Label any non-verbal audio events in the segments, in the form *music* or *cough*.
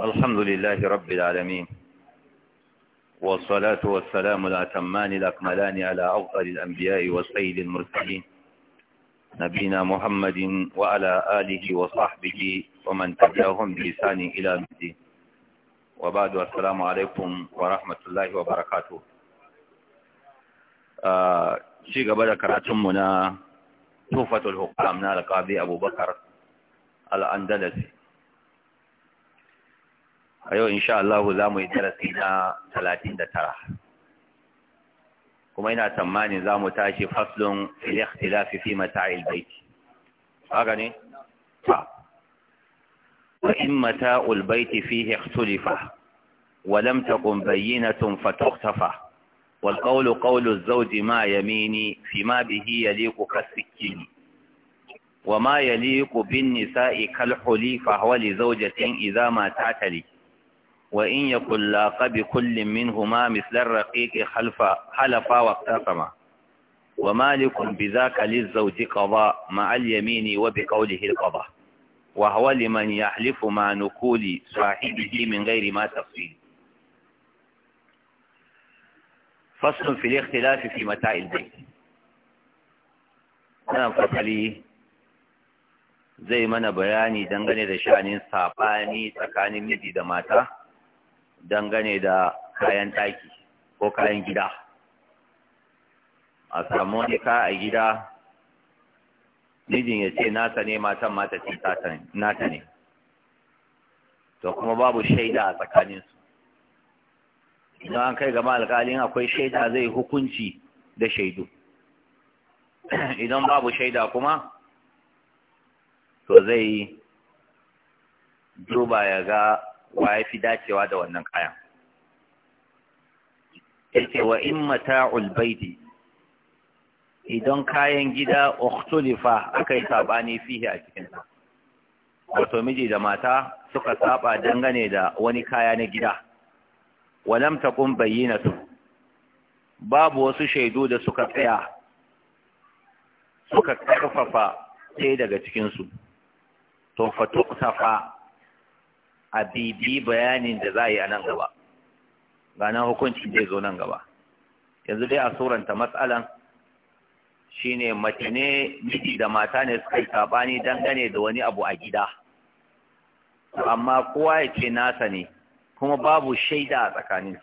الحمد لله رب العالمين والصلاة والسلام الأتمان الأكملان على أفضل الأنبياء والسيد المرسلين نبينا محمد وعلى آله وصحبه ومن تبعهم بلسان إلى الدين وبعد السلام عليكم ورحمة الله وبركاته شيء قبل كراتمنا توفة الحكام نال قاضي أبو بكر الأندلسي a yau insha Allah za mu yi darasi na talatin da tara kuma ina tsammanin za mu tashi faslun fil tilafi fi mata'il bait haka ne fa wa in mata'ul bait fihi ikhtulifa wa lam takun bayyinatun fatukhtafa والقول قول الزوج ما يميني فيما به يليق كالسكين وما يليق بالنساء كالحلي فهو لزوجة إذا ma tatali. وإن يكن لاق بكل منهما مثل الرقيق خلف حلف واقتسما ومالك بذاك للزوج قضاء مع اليمين وبقوله القضاء وهو لمن يحلف مع نكول صاحبه من غير ما تفصيل فصل في الاختلاف في متاع البيت أنا فصلي زي ما انا بياني دنغني sha'anin saɓani tsakanin miji da mata dangane da kayan ɗaki ko kayan gida a samu wani ka a gida mijin ya ce nasa ne matan mata ce nata ne to kuma babu shaida a tsakaninsu idan an kai gama alkalin akwai shaida zai hukunci da shaidu *clears throat* idan babu shaida kuma to zai duba ya ga wa ya fi dacewa da wannan kayan Yake wa in mata'ul baiti idan kayan gida ukhtulifa yi saɓani fiye a cikin ta. wato miji da mata suka saba dangane da wani kaya na gida walam bayyana su, babu wasu shaidu da suka tsaya suka karfafa sai daga cikinsu. to fa a bibi bayanin da za a yi a nan gaba ganin hukunci zai zo nan gaba yanzu dai a suranta matsalan shine mace ne miji da mata ne suka yi saɓani dangane da wani abu a gida amma kowa ya ce nasa ne kuma babu shaida a tsakaninsu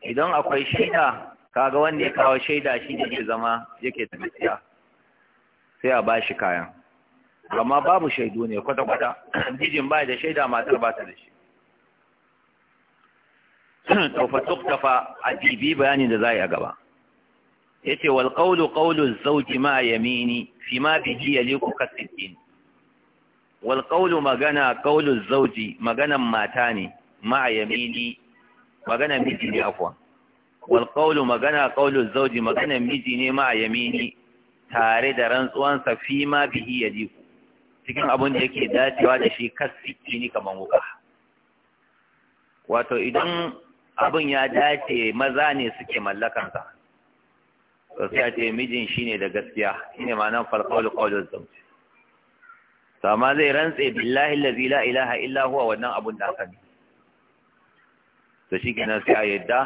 idan akwai shaida kaga wanda ya kawo shaida shi ne zama yake tafiya sai a ba shi kayan gama babu shaidu ne kwata-kwata jijin ba da shaida matar ba ta da shi *clears throat* taufa tuktafa a jibi bayanin da za a yi gaba ya ce wal ƙaulu ƙaulu zauji ma yamini fi ma bihi ya liku kasitin wal ƙaulu magana ƙaulu zauji maganan mata ne ma yamini maganan miji ne afuwa wal magana ƙaulu zauji maganan miji ne ma yamini tare da rantsuwansa fi ma bihi ya liku cikin abin da yake dacewa da shi kasfi ni kaman wuka wato idan abin ya dace maza ne suke mallakansa to sai ce mijin shine da gaskiya shine ma'anar farqaul qaulul zawj to amma zai rantse billahi allazi la ilaha illa huwa wannan abun da aka ne to shikenan sai a yadda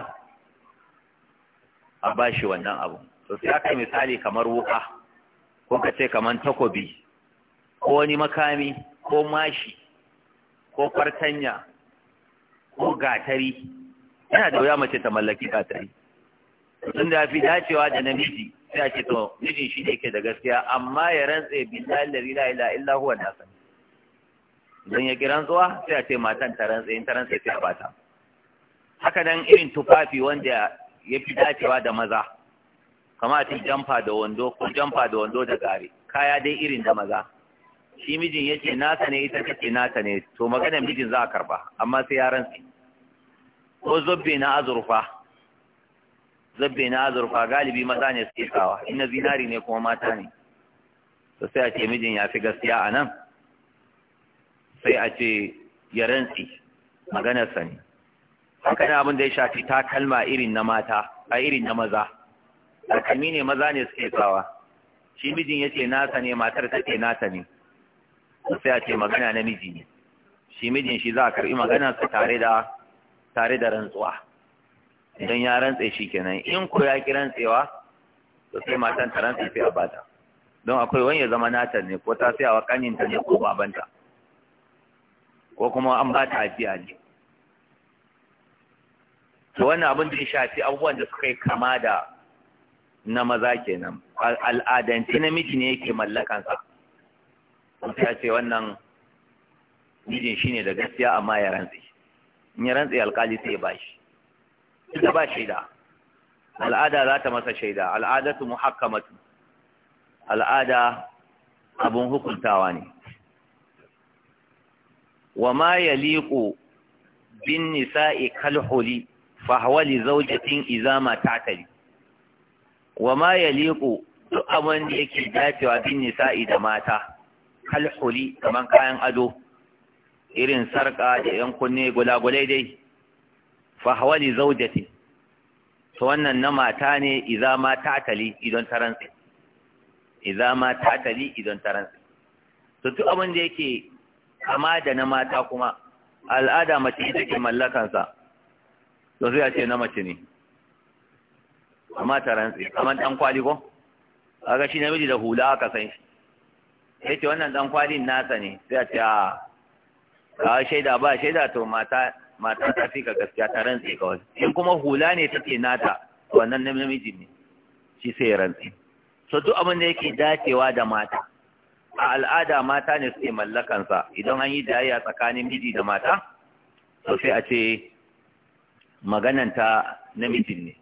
a bashi wannan abu to sai aka misali kamar wuka ko ka ce kamar takobi ko wani makami ko mashi ko fartanya ko gatari yana da wuya mace ta mallaki gatari tun da fi dacewa da namiji sai a ce to mijin shi ne ke da gaskiya amma ya rantse billahi la ilaha illa illa huwa da san dan ya kiran zuwa? sai a ce matan ta rantse in ta rantse sai a bata haka nan irin tufafi wanda ya fi dacewa da maza kamar a ce jamfa da wando ko jamfa da wando da gare kaya dai irin da maza shi mijin ya ce nata ne ita take nata ne to maganar mijin za a karba amma sai yaran su ko zobbe na azurfa zobbe na azurfa galibi maza ne suke sawa ina zinari ne kuma mata ne to sai a ce mijin ya fi gaskiya a nan sai a ce ya rantsi maganarsa ne haka ne abin da ya shafi takalma irin na mata a irin na maza takalmi ne maza ne suke sawa shi mijin ya ce nasa ne matar ta nata ne sai a ce magana na miji ne shi mijin shi za a karɓi magana su tare da rantsuwa idan ya rantse shi kenan in ko ya ki rantsewa to sai matan ta rantse sai a bata don akwai wani ya zama nata ne ko ta sai a wakanin ta ne ko babanta ko kuma an ba ta ajiya ne to wannan abin da ya shafi abubuwan da suka yi kama da na maza kenan al'adance namiji ne yake mallakansa wata ya ce wannan mijin ne da gaskiya amma ya rantsi in ya rantsi alkali sai ya bashi ita ba shaida al'ada za ta masa shaida al'adatu muhakkamatu al'ada abun hukuntawa ne wa ma yaliqu bin nisa'i kalhuli fa huwa li zawjatin idza ma ta'tali wa ma yaliqu duk abin da yake dacewa bin nisa'i da mata kalhuli kaman kayan ado irin sarka da yan kunne gulagulai dai fa hawali zaujati to wannan na mata ne idan ma tatali idan taransa idan ma tatali idan taransa to duk abin da yake kama da na mata kuma al'ada mace ita ke mallakansa to sai a ce na mace ne amma taransa kamar dan kwali ko kaga shi namiji da hula aka san shi sai ce wannan dan kwalin nasa ne sai a ce a kawai shaida ba shaida to mata ta fi ka gaskiya ta rantse kawai in kuma hula ne take nata wannan namiji ne shi sai rantse so duk abin da yake dacewa da mata a al'ada mata ne suke mallakansa idan an yi jayayya tsakanin miji da mata to sai a ce maganan ta namijin ne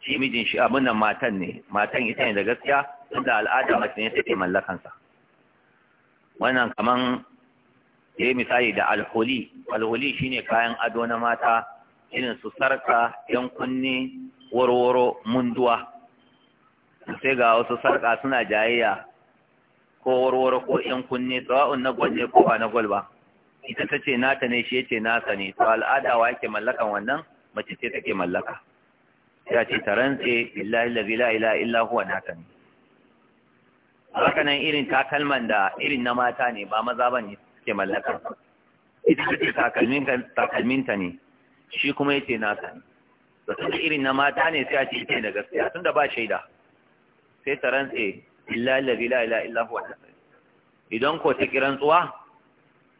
shi mijin shi abin nan matan ne matan ita ne da gaskiya tunda al'ada mace ne take mallakansa wannan kaman ya eh, misali da alholi. Alholi shine kayan ado na mata irin su sarka yan kunne warwaro munduwa sai ga wasu sarka suna jayayya ko warwaro ko yan kunne sawa'un na gwal ne ko ba na gwal ba ita ta ce nata ne shi ya ce nasa ne to al'ada wa yake mallakan wannan mace ce take mallaka ya ce ta rantse illa illa illa illa huwa nata ne haka nan irin takalman da irin na mata ne ba maza ba ne suke mallaka ita ce takalminta ne shi kuma yake nasa ne da sun irin na mata ne sai a ce ce da gaskiya tun da ba shaida sai ta rantse illa allazi la ilaha idan ko ta kiran tsuwa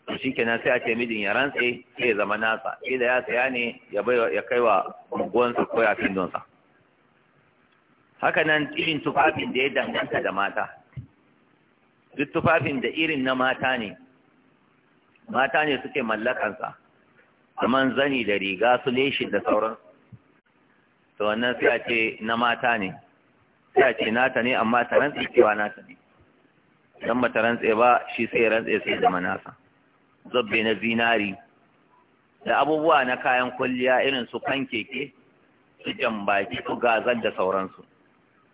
to shikenan sai a ce mijin ya rantse sai ya zama nasa idan ya saya ne ya kai wa kaiwa ko ya findonsa haka nan irin tufafin da ya danganta da mata duk tufafin da irin na mata ne mata ne suke mallakansa kamar zani da riga su leshi da sauran to wannan sai a ce na mata ne sai a ce nata ne amma ta rantse cewa nata ne don ba ta rantse ba shi sai rantsi rantse sai da manasa Zobbe na zinari da abubuwa na kayan kwalliya irin su kan keke su jambaki su gazan da sauransu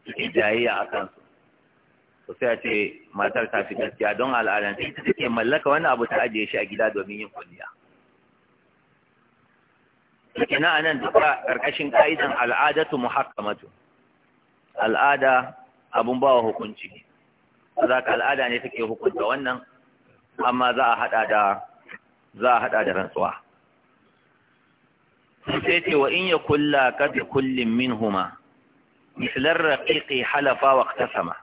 su jayayya a kansu to sai a ce matar ta fi gaskiya don al'adar ta ita take mallaka wani abu ta ajiye shi a gida domin yin kulliya kina anan duka ƙarƙashin ka'idan al'adatu muhakkamatu al'ada abun bawa hukunci za ka al'ada ne take hukunta wannan amma za a haɗa da za a haɗa da rantsuwa sai ce wa in ya kulla ka bi min huma mislar raqiqi halafa wa sama.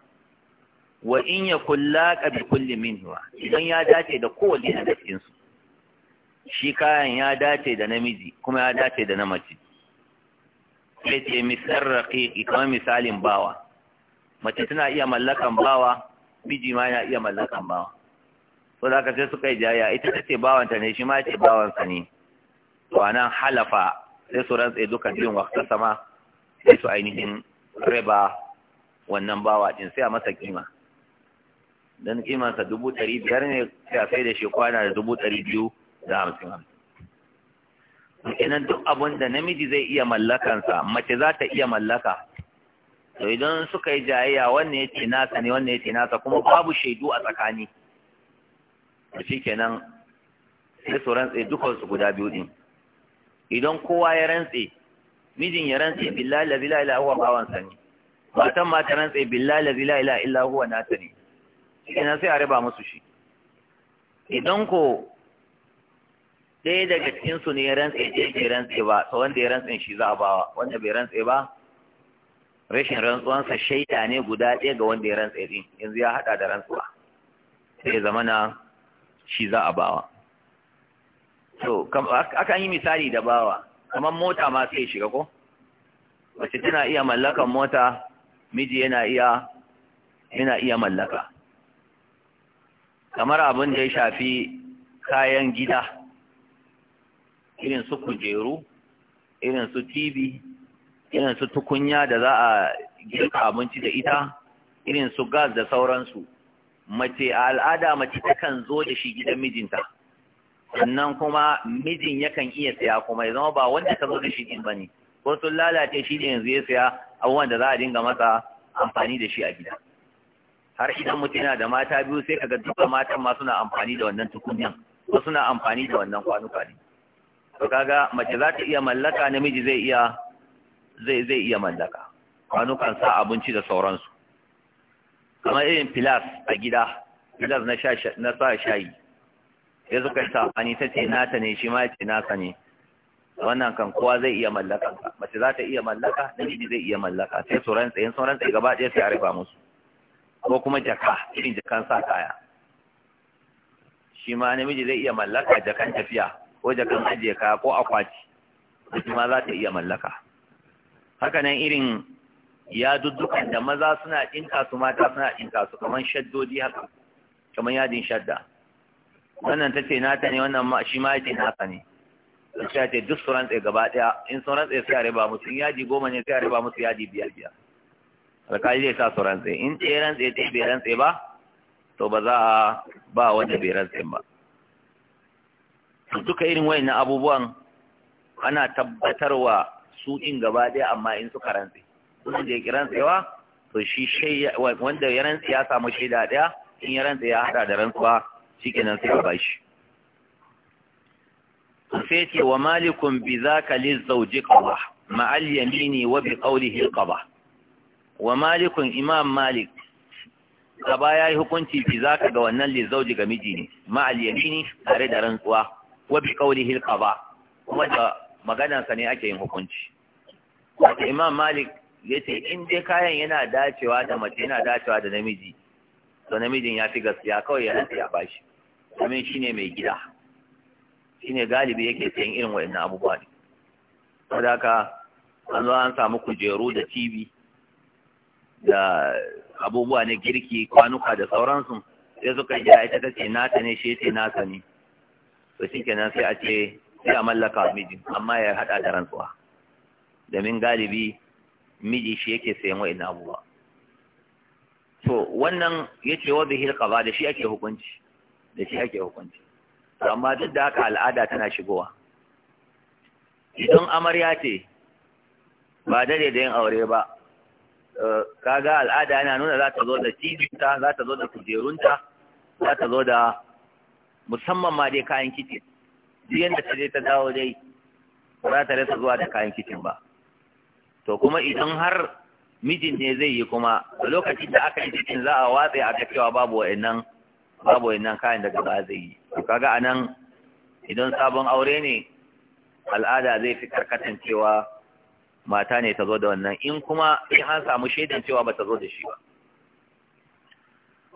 wa in kula laqa bi kulli huwa idan ya dace da kowanne a cikinsu shi kayan ya dace da namiji kuma ya dace da na ya ce misal raqiqi kamar misalin bawa mace tana iya mallakan bawa miji ma yana iya mallakan bawa so da ka sai suka yi jaya ita ta ce bawanta ne shi ma ya ce bawansa ne to anan halafa sai su rantsa duka biyun wakta sama sai su ainihin riba wannan bawa din sai a masa kima don kimansa dubu ɗari biyar ne sai sai da shekwana da dubu ɗari biyu da hamsin hamsin kenan duk abin da namiji zai iya mallakansa mace za ta iya mallaka to idan suka yi jayayya wanne ya ce nasa ne wanne ya ce nasa kuma babu shaidu a tsakani to shi kenan sai su rantse dukansu guda biyu din idan kowa ya rantse mijin ya rantse billahi la ilaha illa huwa bawansa ne matan ma ta rantse billahi la ilaha illa huwa nata ne kenan sai a raba musu shi idan ko ɗaya daga cikin su ne ya rantse ɗaya rantse ba to wanda ya rantse shi za a bawa wanda bai rantse ba rashin rantsuwansa shaida ne guda ɗaya ga wanda ya rantse din yanzu ya haɗa da rantsuwa sai ya zama na shi za a bawa to akan yi misali da bawa kamar mota ma sai shiga ko mace tana iya mallakan mota miji yana iya yana iya mallaka kamar abin da ya shafi kayan gida irin su kujeru irin su tv irin su tukunya da za a girka abinci da ita irin su gas da sauransu mace a al'ada mace takan zo da shi gidan mijinta sannan kuma mijin yakan iya saya kuma ya zama ba wanda ta zo da shi din bane ko sun lalace shi ne yanzu ya saya abubuwan da za a dinga masa amfani da shi a gida har idan mutum yana da mata biyu sai kaga duka matan ma suna amfani da wannan tukunyan ko suna amfani da wannan kwanuka ne to kaga mace za ta iya mallaka namiji zai iya zai zai iya mallaka kwanukan sa abinci da sauransu kamar irin filas a gida filas na sha na sa shayi ya suka yi amfani ta ce nata ne shi ma ya ce nasa ne wannan kan kowa zai iya mallaka mace za ta iya mallaka namiji zai iya mallaka sai sauran rantsa in sun gaba ɗaya sai a rufa musu ko kuma jaka irin jakan sa kaya shi ma namiji zai iya mallaka jakan tafiya ko jakan ajiye kaya ko akwati da ma za ta iya mallaka haka nan irin ya duddukan da maza suna ɗinka su mata suna ɗinka su kamar shaddodi haka kamar yadin shadda wannan ta ce nata ne wannan shi ma yake nasa ne sai ce duk su rantse gaba ɗaya in sun rantse sai a riba musu in yaji goma ne sai a riba musu yaji biyar biyar Alƙali zai sa su rantse in ce rantse ce bai rantse ba to ba za a ba wanda bai rantse ba duka irin wayannan abubuwan ana tabbatarwa su in gaba ɗaya amma in suka rantse kuma da ya rantsewa to shi wanda ya rantse ya samu shaida ɗaya in ya rantse ya haɗa da rantsuwa kenan sai ka bashi sai ce wa malikun bi zaka lizzauji qada ma'al yamini wa bi qawlihi qada wa malikun imam malik gaba ya yi hukunci fi za ka ga wannan lizauji ga miji ne ma'al tare da rantsuwa wa bi qawlihi hilka ba, kuma da maganarsa ne ake yin hukunci wato imam malik ce in dai kayan yana dacewa da mace yana dacewa da namiji to namijin ya fi gaskiya kawai ya rantsa ya bashi domin ne mai gida shine galibi yake sayan irin waɗannan abubuwa ne saboda haka an zo an samu kujeru da TV da abubuwa na girki kwanuka da sauransu sai suka ji ita ta ce nata ne shi ce nasa ne to shi kenan sai a ce sai a mallaka miji. amma ya haɗa da rantsuwa domin galibi miji shi yake sayan wa'in abubuwa to wannan ya ce wa bihil qada da shi ake hukunci da shi ake hukunci amma duk da haka al'ada tana shigowa idan amarya ce ba dare da yin aure ba kaga al'ada yana nuna za ta zo da cibinta za ta zo da kujerunta za ta zo da musamman ma dai kayan kicin duk yadda ta je ta dawo dai za ta rasa zuwa da kayan kicin ba to kuma idan har mijin ne zai yi kuma lokacin da aka yi kicin za a watsa a ga cewa babu wa'annan babu wa'annan kayan daga ba zai yi to kaga anan idan sabon aure ne al'ada zai fi karkatan cewa mata ne ta zo da wannan in kuma in an samu shaidan cewa ba ta zo da shi ba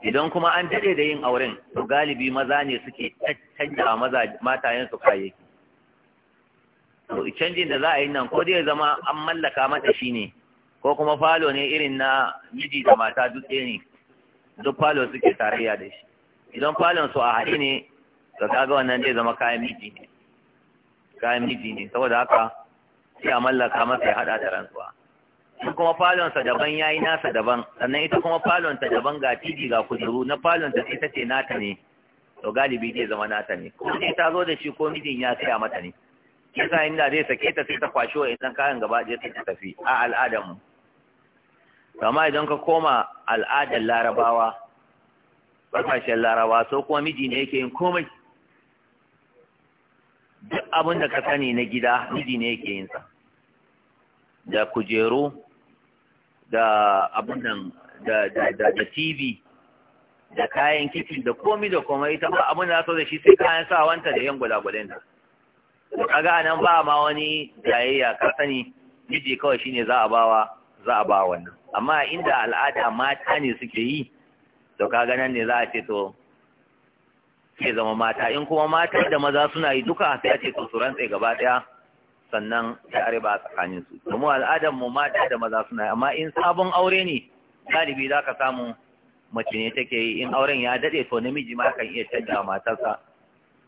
idan kuma an dade da yin auren to galibi maza ne suke canja maza matayen su kayayyaki to canjin da za a yi nan ko dai zama an mallaka mata shi ne ko kuma falo ne irin na miji da mata duk ɗaya ne duk falo suke tarayya da shi idan falon su a haɗe ne to kaga wannan zai zama kayan miji ne kayan miji ne saboda haka sai a mallaka masa ya haɗa da rantsuwa shi kuma falonsa daban ya yi nasa daban sannan ita kuma falonta daban ga tiji ga kujeru na falonta sai ta ce nata ne to galibi zai zama nata ne ko sai ta zo da shi ko mijin ya saya mata ne sa inda zai sake ta sai ta kwashi wa idan kayan gaba ɗaya sai ta tafi a al'adar mu amma idan ka koma al'adar larabawa ƙasashen larabawa so kuma miji ne yake yin komai duk abin da ka sani na gida miji ne yake yin sa da kujeru da abun nan da da da, da TV da kayan kicin da komi da komai ta ba da so da shi sai kayan sa wanta da yan gulagulin da kaga nan ba ma wani jayayya ka sani miji kawai shine za a bawa za a bawa wannan amma inda al'ada mata ne suke yi to kaga nan ne za a ce to ke zama mata in kuma mata da maza suna yi duka sai a ce to su rantsa gaba daya sannan ya ba a tsakanin su domin al'adar mu mata da maza suna amma in sabon aure ne galibi zaka samu mace ne take yi in auren ya dade to namiji ma kan iya canja matarsa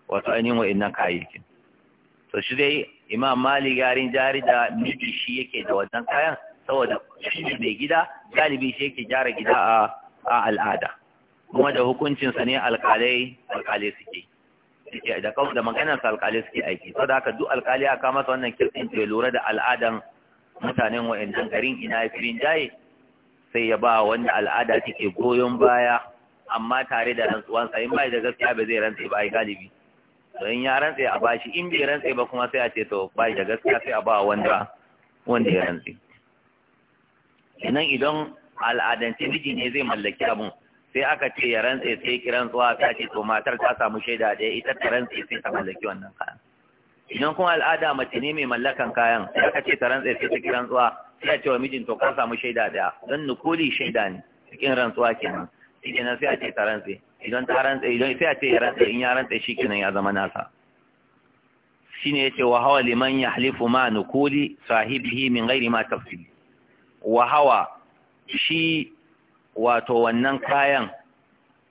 wato ainihin wa'annan kayayyakin to shi dai imam mali garin jari da miji shi yake da wannan kayan saboda shi mai gida galibi shi yake gyara gida a al'ada kuma da hukuncinsa ne alkalai alkalai suke yi da kawo da maganar sa alkali suke aiki sau da haka duk alkali aka masa wannan kirkin ke lura da al'adan mutanen wa'annan garin ina ya firin jaye sai ya ba wanda al'ada take goyon baya amma tare da sa in bai da gaskiya ba zai rantse ba ai galibi to in ya rantse a bashi in bai rantse ba kuma sai a ce to bai da gaskiya sai a ba wanda wanda ya rantsi. idan al'adance miji ne zai mallaki abun sai aka ce ya rantse sai kiran tsuwa ta ce to matar ta samu shaida ɗaya ita ta rantse sai ta mallaki wannan kayan idan kuma al'ada mace ne mai mallakan kayan sai aka ce ta rantse sai ta kiran tsuwa sai a ce wa mijin to ka samu shaida ɗaya don nukuli shaida ne cikin rantsuwa kenan shi kenan sai a ce ta rantse idan ta rantse idan sai a ce ya rantse in ya rantse shi kenan ya zama nasa shine yace wa hawa liman yahlifu ma nukuli sahibihi min ghairi ma tafsil wa hawa shi wato wannan kayan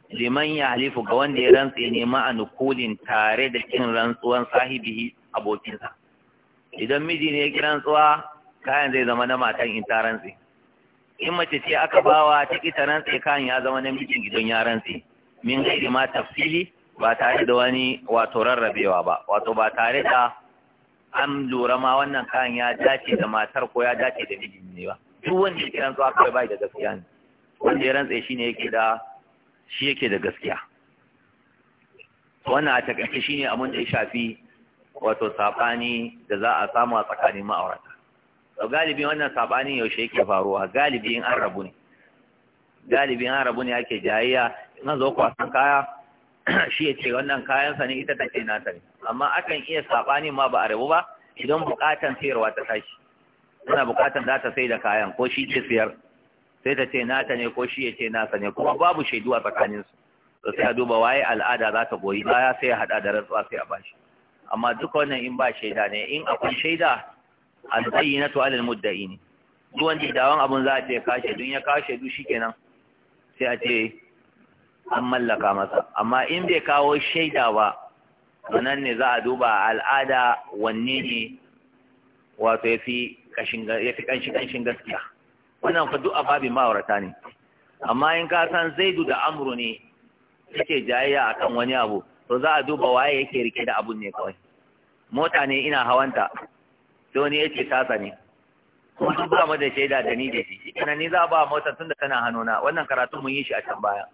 liman ya halifu ga wanda ya rantse ne a kulin tare da kin rantsuwan sahibihi abokinsa idan miji ne ya rantsuwa kayan zai zama na matan in ta rantse in mace ce aka bawa ta ita rantse kayan ya zama na mijin gidan ya rantse min gairi ma tafsili ba tare da wani wato rarrabewa ba wato ba tare da an lura ma wannan kayan ya dace da matar ko ya dace da mijin ne ba duk wanda ya kiran zuwa kawai bai da gaskiya ne wanda ya rantse shi ne yake da shi yake da gaskiya wannan a takaice shi ne abin da ya shafi wato saɓani da za a samu a tsakanin ma'aurata to galibi wannan saɓanin yaushe yake faruwa galibi in an rabu ne galibi in an rabu ne ake jayayya in an zo kwasan kaya *clears throat* shi ya ce wannan kayansa ne ita take nata ne amma akan iya saɓani ma ba a rabu ba idan buƙatan sayarwa ta tashi Ina buƙatan za ta sai da kayan ko shi ke siyar sai ta ce nata ne ko shi ya ce nasa ne kuma babu shaidu a tsakaninsu to sai a duba waye al'ada za ta goyi baya sai ya hada da rantsuwa sai a bashi amma duka wannan in ba shaida ne in akwai shaida al-bayyinatu na al-mudda'i ne duk wani dawon abun za a ce ka shaidu ya kawo shaidu kenan sai a ce an mallaka masa amma in bai kawo shaida ba nan ne za a duba al'ada wanne ne wato ya fi kashin gaskiya wannan fa duk a babin ma'aurata ne amma in ka san zaidu da amru ne yake jayayya akan wani abu to za a duba waye yake rike da abun ne kawai mota ne ina hawanta to wani yake tasa ne kuma duk ba mu da shaida da ni da shi kana ni za ba mota tun da tana hannuna wannan karatu mun yi shi a can baya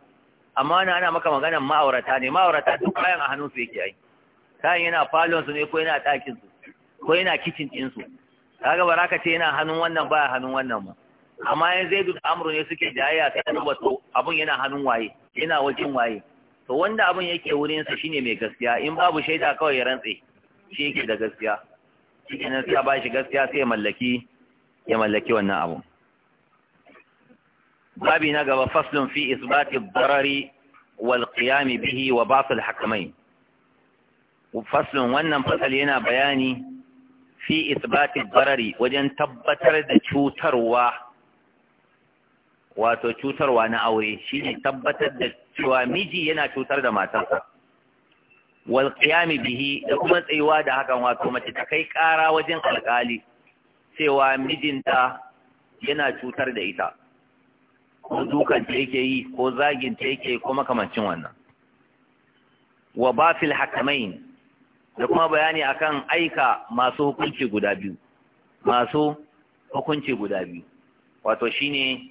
amma na ana maka maganar ma'aurata ne ma'aurata duk bayan a hannun su yake ai kayan yana falon su ne ko yana ɗakin su ko yana kicin ɗin su kaga baraka ka ce yana hannun wannan baya hannun wannan ba amma yan zaidu da amru ne suke jayayya sai ta duba to abun yana hannun waye yana wajen waye to wanda abun yake wurin sa shine mai gaskiya in babu shaida kawai ya rantse shi yake da gaskiya shi kenan sai ba shi gaskiya sai ya mallaki ya mallaki wannan abu babi na gaba faslun fi isbati darari wal qiyam bihi wa batil Hakamai. faslun wannan fasal yana bayani fi isbati darari wajen tabbatar da cutarwa wato cutarwa na aure shine tabbatar da cewa miji yana cutar da matarsa wal qiyami bihi da kuma tsayuwa da hakan wato mace ta kai ƙara wajen alƙali cewa mijinta yana cutar da ita ko dukan ta yake yi ko zagin ta yake ko makamancin wannan wa fil hakamain da kuma bayani akan aika masu hukunci guda biyu masu hukunci guda biyu wato shine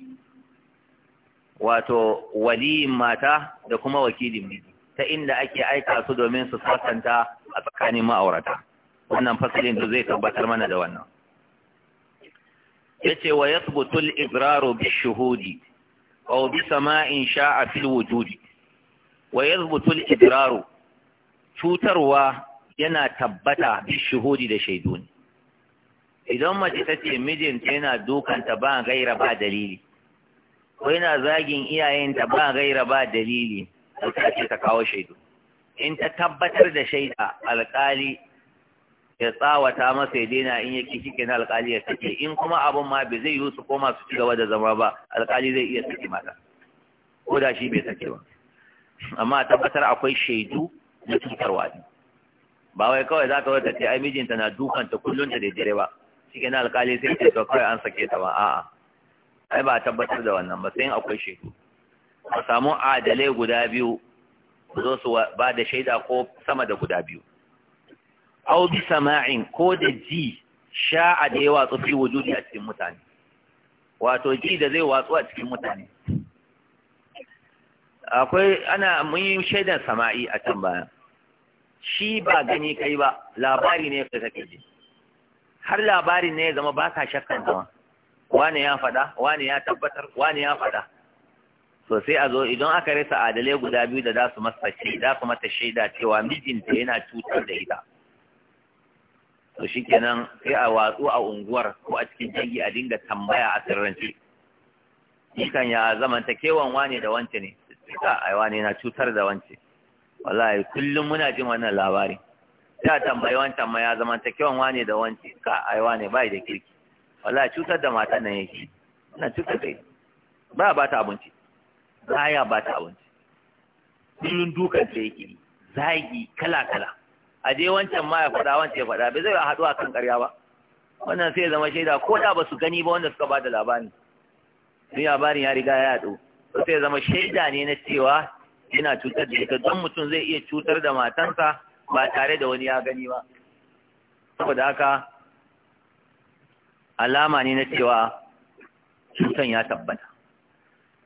wato waliyin mata da kuma wakilin miji ta inda ake aika su domin su sasanta a tsakanin ma'aurata wannan fasalin da zai tabbatar mana da wannan yace wa ya tsubutul izraru bi-shuhudi aw bi sama'in sha'a fil wujudi wa ya tsubutul izraru cutarwa yana tabbata bi-shuhudi da shaidu ne idan mace ta ce mijinta yana dukanta ba gaira ba dalili ko yana zagin iyayenta ba gaira ba dalili ta ce ta kawo shaidu in ta tabbatar da shaida alƙali ya tsawata masa ya daina in yake shike na alƙali ya sake in kuma abun ma bai zai yi su koma su ci gaba da zama ba alƙali zai iya sake mata ko da shi bai sake ba amma tabbatar akwai shaidu na cutarwa ne ba wai kawai za ka wata ce ai mijinta na dukanta kullum ta da dare ba shike na alƙali sai ce to kawai an sake ta ba a'a ai ba tabbatar da wannan ba sai in akwai shaidu a samu adalai guda biyu zo su ba da shaida ko sama da guda biyu au bi sama'in ko da ji sha'a da ya watsu fi wujudi a cikin mutane wato ji da zai watsu a cikin mutane akwai ana mun yi shaidan sama'i a can baya shi ba gani kai ba labari ne kai kake ji har labari ne ya zama ba ka shakkan zama wane ya faɗa wane ya tabbatar wane ya faɗa so sai a zo idan aka rasa adalai guda biyu da za su masa shaida kuma ta shaida cewa mijinta yana cutar da ita to shikenan sai a watsu a unguwar ko a cikin dangi a dinga tambaya a sirrance Ikan ya zamanta kewan wane da wance ne ka ai wane na cutar da wance wallahi kullum muna jin wannan labari sai a tambayi wancan ma ya zamanta kewan wane da wance ka ai wane bai da kirki wala cutar da matan nan yake ina cutar da ba ba ta abinci baya ba ta abinci kullun dukan ta yake zagi kala kala a je wancan ma ya faɗa wancan ya faɗa bai zai haɗu a kan ƙarya ba wannan sai ya zama shaida ko da ba su gani ba wanda suka ba da labarin sun labarin ya riga ya yaɗu sai ya zama shaida ne na cewa yana cutar da ita don mutum zai iya cutar da matansa ba tare da wani ya gani ba saboda haka alama ne na cewa cutan ya tabbata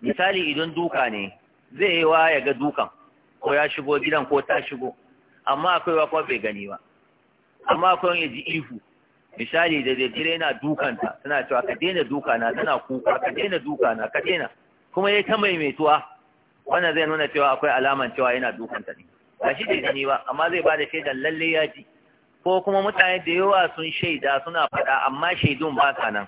misali idan duka ne zai yi wa ya ga dukan ko ya shigo gidan ko ta shigo amma akwai wa kwabe gani ba amma akwai ya ji ihu misali da jire na dukanta tana cewa ka daina dukana tana kuka ka daina dukana ka daina kuma ya ta metuwa wannan zai nuna cewa akwai alaman cewa yana dukanta ne ba shi da gani ba amma zai ba da shaidan lalle ya ji ko kuma mutane da yawa sun shaida suna faɗa amma shaidun ba ka nan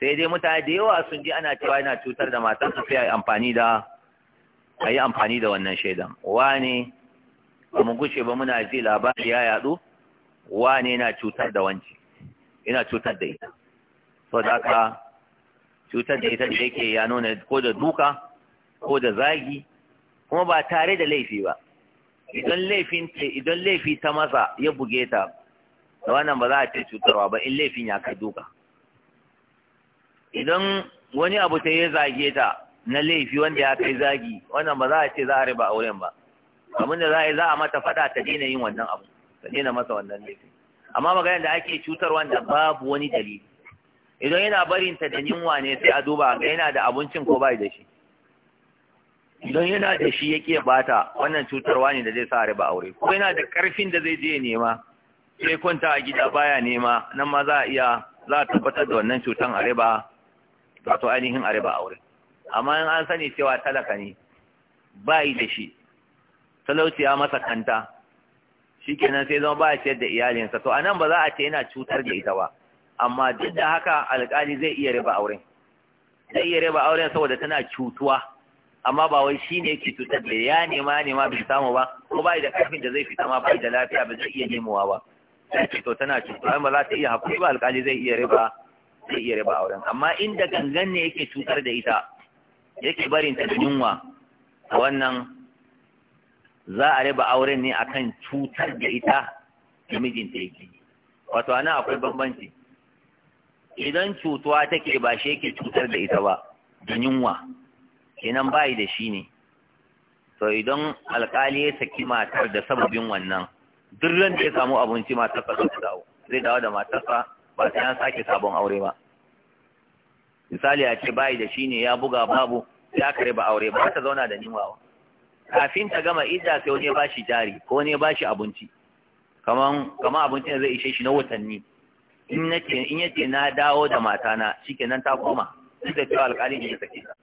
sai dai mutane da yawa sun ji ana cewa yana cutar da matan su sai yi amfani da a yi amfani da wannan shaidan wane ba gushe ba muna ji labari ya yadu wane yana cutar da wanci yana cutar da ita so da aka cutar da ita da yake ya nuna ko da duka ko da zagi kuma ba tare da laifi ba idan laifin idan laifi ta masa ya buge ta da wannan ba za a ce cutarwa ba in laifin ya kai duka idan wani abu ta ya zage ta na laifi wanda ya kai zagi wannan ba za a ce za a riba auren ba da za a yi za a mata faɗa ta daina yin wannan abu ta daina masa wannan laifin amma maganar da ake cutar wanda babu wani dalili idan yana barin ta da yunwa ne sai a duba ga yana da abincin ko bai da shi Don yana da shi yake bata wannan cutarwa ne da zai sa riba aure ko yana da karfin da zai je nema sai kwanta a gida baya nema nan ma za a iya za a tabbatar da wannan cutan a riba wato ainihin a riba aure amma in an sani cewa talaka ne bayi da shi talauci ya masa kanta shikenan sai zama ba ciyar da iyalinsa to anan ba za a ce yana cutar da ita ba amma duk da haka alkali zai iya riba auren zai iya riba auren saboda tana cutuwa amma ba wai shi ne yake cutar da ya nema nema bai samu ba ko bai da karfin da zai fita ma bai da lafiya ba zai iya nemowa ba sai to tana cutar ba za ta iya hakuri ba alƙali zai iya riba zai iya riba auren amma inda gangan ne yake cutar da ita yake barin ta yunwa a wannan za a riba auren ne akan cutar da ita da mijinta yake wato ana akwai bambanci idan cutuwa take ba shi yake cutar da ita ba da yunwa kenan bayi da shi ne to idan alkali ya saki matar da sababin wannan duk ran da ya samu abinci matar ka zai dawo zai dawo da matarsa ba sai an sake sabon aure ba misali a ce bayi da shi ne ya buga babu ya kare ba aure ba ta zauna da nimawa kafin ta gama idda sai wani ba shi jari ko wani ba shi abinci kaman kaman abincin zai ishe shi na watanni in yace na dawo da matana shikenan ta koma duk da cewa alƙali ne ya da ta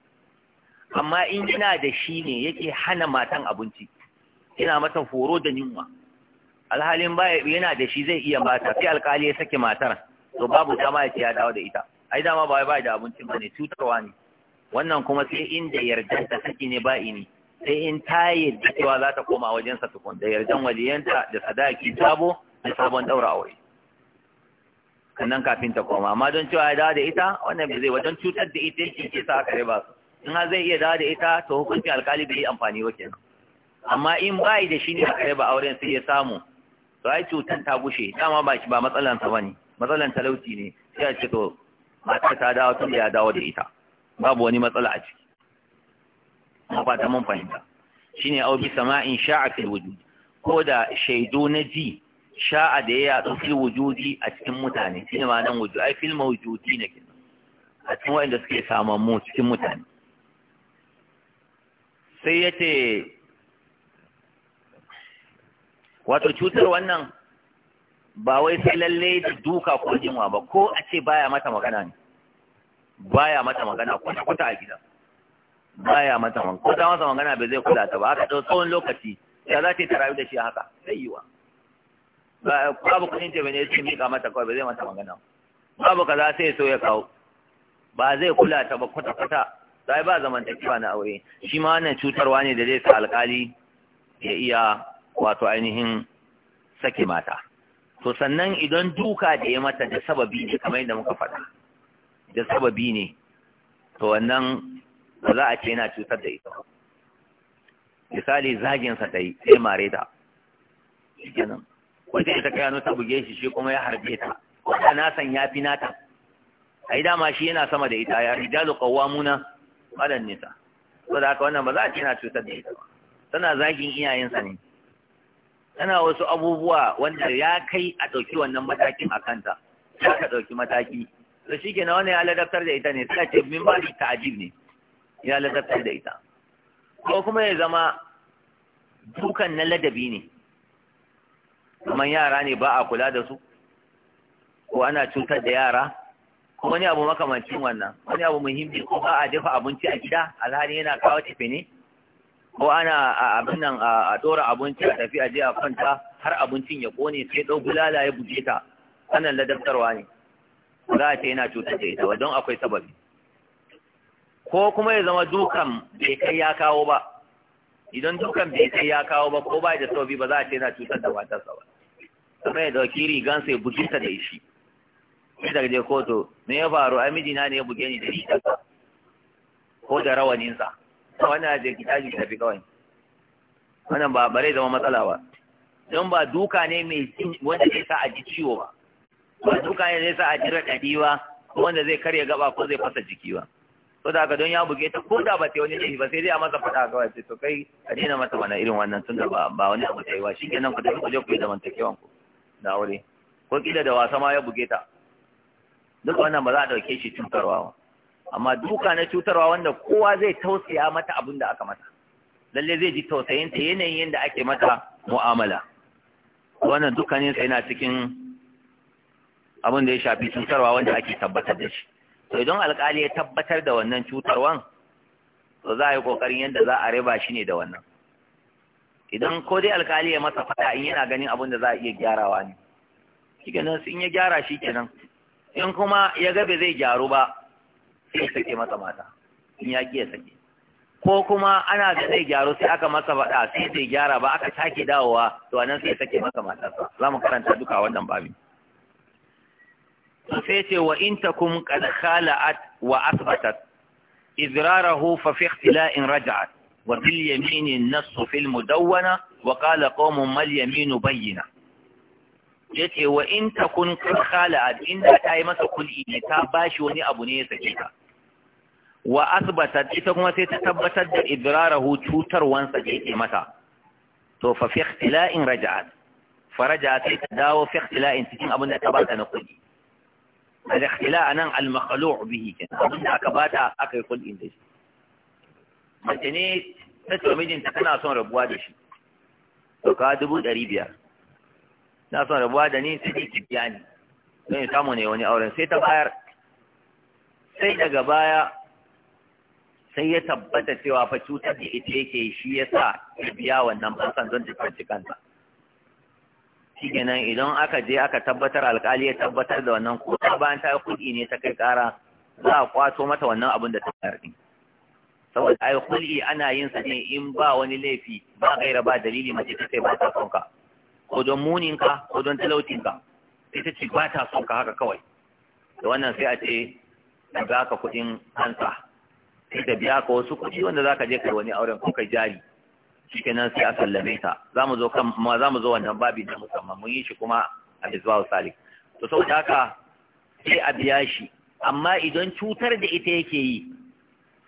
amma in yana da shi ne yake hana matan abinci yana mata horo da yunwa alhalin baya yana da shi zai iya mata sai alkali ya sake matar to babu dama ya ce ya dawo da ita ai dama ba ba da abinci ba ne, cutarwa ne wannan kuma sai inda yardan ta saki ne ba ini sai in ta yarda cewa za ta koma wajen sa tukun da yardan waliyanta da sadaki sabo da sabon daura aure sannan kafin ta koma amma don cewa ya dawo da ita wannan ba zai wajen cutar da ita yake sa aka riba su in har zai iya dawo da ita to hukuncin alkali bai yi amfani ba kenan amma in ba yi da shi ne aka ba auren sai ya samu to ai cutan ta gushe dama ba ba matsalan sa bane matsalan talauci ne sai a ce to matar ta dawo tun da ya dawo da ita babu wani matsala a ciki na fata mun fahimta shine au bi sama'in sha'a fil wujud ko da shaidu na ji sha'a da ya yaɗu fil wujudi a cikin mutane shine ma nan wujud ai fil mawjudi ne kenan a cikin wanda suke mu cikin mutane sai ya ce wato cutar wannan ba wai sai lalle da duka ko jinwa ba ko a ce baya mata magana ne baya mata magana kwata kwata a gida baya mata magana ko ta masa magana bai zai kula ta ba haka ɗau tsawon lokaci ya za ta yi tarayu da shi haka sai wa babu kuɗin ta bane sun mika mata kawai bai zai mata magana babu kaza sai so ya kawo ba zai kula ta ba kwata kwata sai ba zamantakewa na aure shi ma wannan cutarwa ne da zai sa alkali ya iya wato ainihin sake mata to sannan idan duka da ya mata da sababi ne kamar yadda muka faɗa da sababi ne to wannan ba za a ce yana cutar da ita misali zaginsa ta yi sai mare ta kenan wata ita kayano ta buge shi shi kuma ya harbe ta wata nasan ya fi nata a yi dama shi yana sama da ita ya rijalu qawwamuna alan nisa so da haka wannan ba za a ce na cutar da ita tana zagin iyayensa ne tana wasu abubuwa wanda ya kai a ɗauki wannan matakin a kanta ya ka ɗauki mataki to shi na wani ya ladabtar da ita ne suka ce min ba ni ta'ajib ne ya ladabtar da ita ko kuma ya zama dukan na ladabi ne kamar yara ne ba a kula da su ko ana cutar da yara wani abu makamancin wannan wani abu muhimmi ko ba a dafa abinci a gida alhali yana kawo tafi ne ko ana abin nan a dora abinci a tafi a je a kwanta har abincin ya kone sai ɗau bulala ya buge ta sanan ladabtarwa ne za a ce yana cutar da ita don akwai sababi ko kuma ya zama dukan bai kai ya kawo ba idan dukan bai kai ya kawo ba ko ba da sababi ba za a ce yana cutar da matarsa ba kuma ya dauki rigansa ya buge ta da shi mai daga je kotu me ya faru ai mijina ne ya buge ni da rigarsa ko da rawaninsa to wannan da ki tashi tafi kawai wannan ba bare zama matsala ba don ba duka ne mai wanda zai sa a ji ciwo ba ba duka ne zai sa a ji raɗaɗi ba wanda zai karya gaba ko zai fasa jiki ba ko da don ya buge ta ko da ba ta wani laifi ba sai dai a masa faɗa kawai sai to kai a daina masa bana irin wannan tunda ba ba wani abu ta yi ba shi kenan ku tafi ku je ku yi zamantakewan ku da aure ko kila da wasa ma ya buge ta Duka wannan ba za a dauke shi cutarwa ba amma duka na cutarwa wanda kowa zai tausaya mata abin da aka mata lalle zai ji tausayin ta yanayin yadda ake mata mu'amala wannan dukkanin sa yana cikin abin da ya shafi cutarwa wanda ake tabbatar da shi to idan alkali ya tabbatar da wannan cutarwan to za a yi kokarin yadda za a riba shi ne da wannan idan ko dai alkali ya masa fada in yana ganin abin da za a iya gyarawa ne shi kenan in ya gyara shi kenan in kuma ya ga bai zai gyaru ba sai ya sake masa mata in ya ki ya sake ko kuma ana da zai gyaru sai aka masa faɗa sai zai gyara ba aka take dawowa to anan sai ya sake masa matarsa za mu karanta duka wannan babin sai ce wa in takum qad khala'at wa asbatat إذراره ففي اختلاء رجعت وفي اليمين النص في المدونة وقال قوم ما اليمين بينه ya ce wa in ta kun khala'at inda ta yi masa kul'i ne ta shi wani abu ne ya sake ta wa asbatat ita kuma sai ta tabbatar da idrarahu cutarwansa da yake mata to fa fi ikhtila'in raja'at fa raja'at sai ta dawo fi ikhtila'in cikin abin da ta bata na kul'i al ikhtila' nan al makhlu' bihi kenan abin da aka bata aka yi kul'i da shi mace ne ta ce mijinta tana son rabuwa da shi to ka dubu ɗari biyar na son rabuwa da ni sai ki biya ni don in samu ne wani auren sai ta bayar sai daga baya sai ya tabbata cewa fa cutar da ita yake shi ya sa ya biya wannan fansan don jikanci kanta shi ganin idan aka je aka tabbatar alkali ya tabbatar da wannan ko ta bayan ta kuɗi ne ta kai ƙara za a kwato mata wannan abin da ta bayar din saboda ai kul'i ana yin sa ne in ba wani laifi ba gaira ba dalili mace ta kai ba ta sonka ko don muninka ko don talaucinka sai ta ce ba ta son ka haka kawai da wannan sai a ce da za ka kuɗin hansa sai da biya ka wasu kuɗi wanda za ka je ka wani auren ko kai jari nan sai a sallame ta za mu zo kan ma za mu zo wannan babi na musamman mun yi shi kuma a misbahu sali. to saboda haka sai a biya shi amma idan cutar da ita yake yi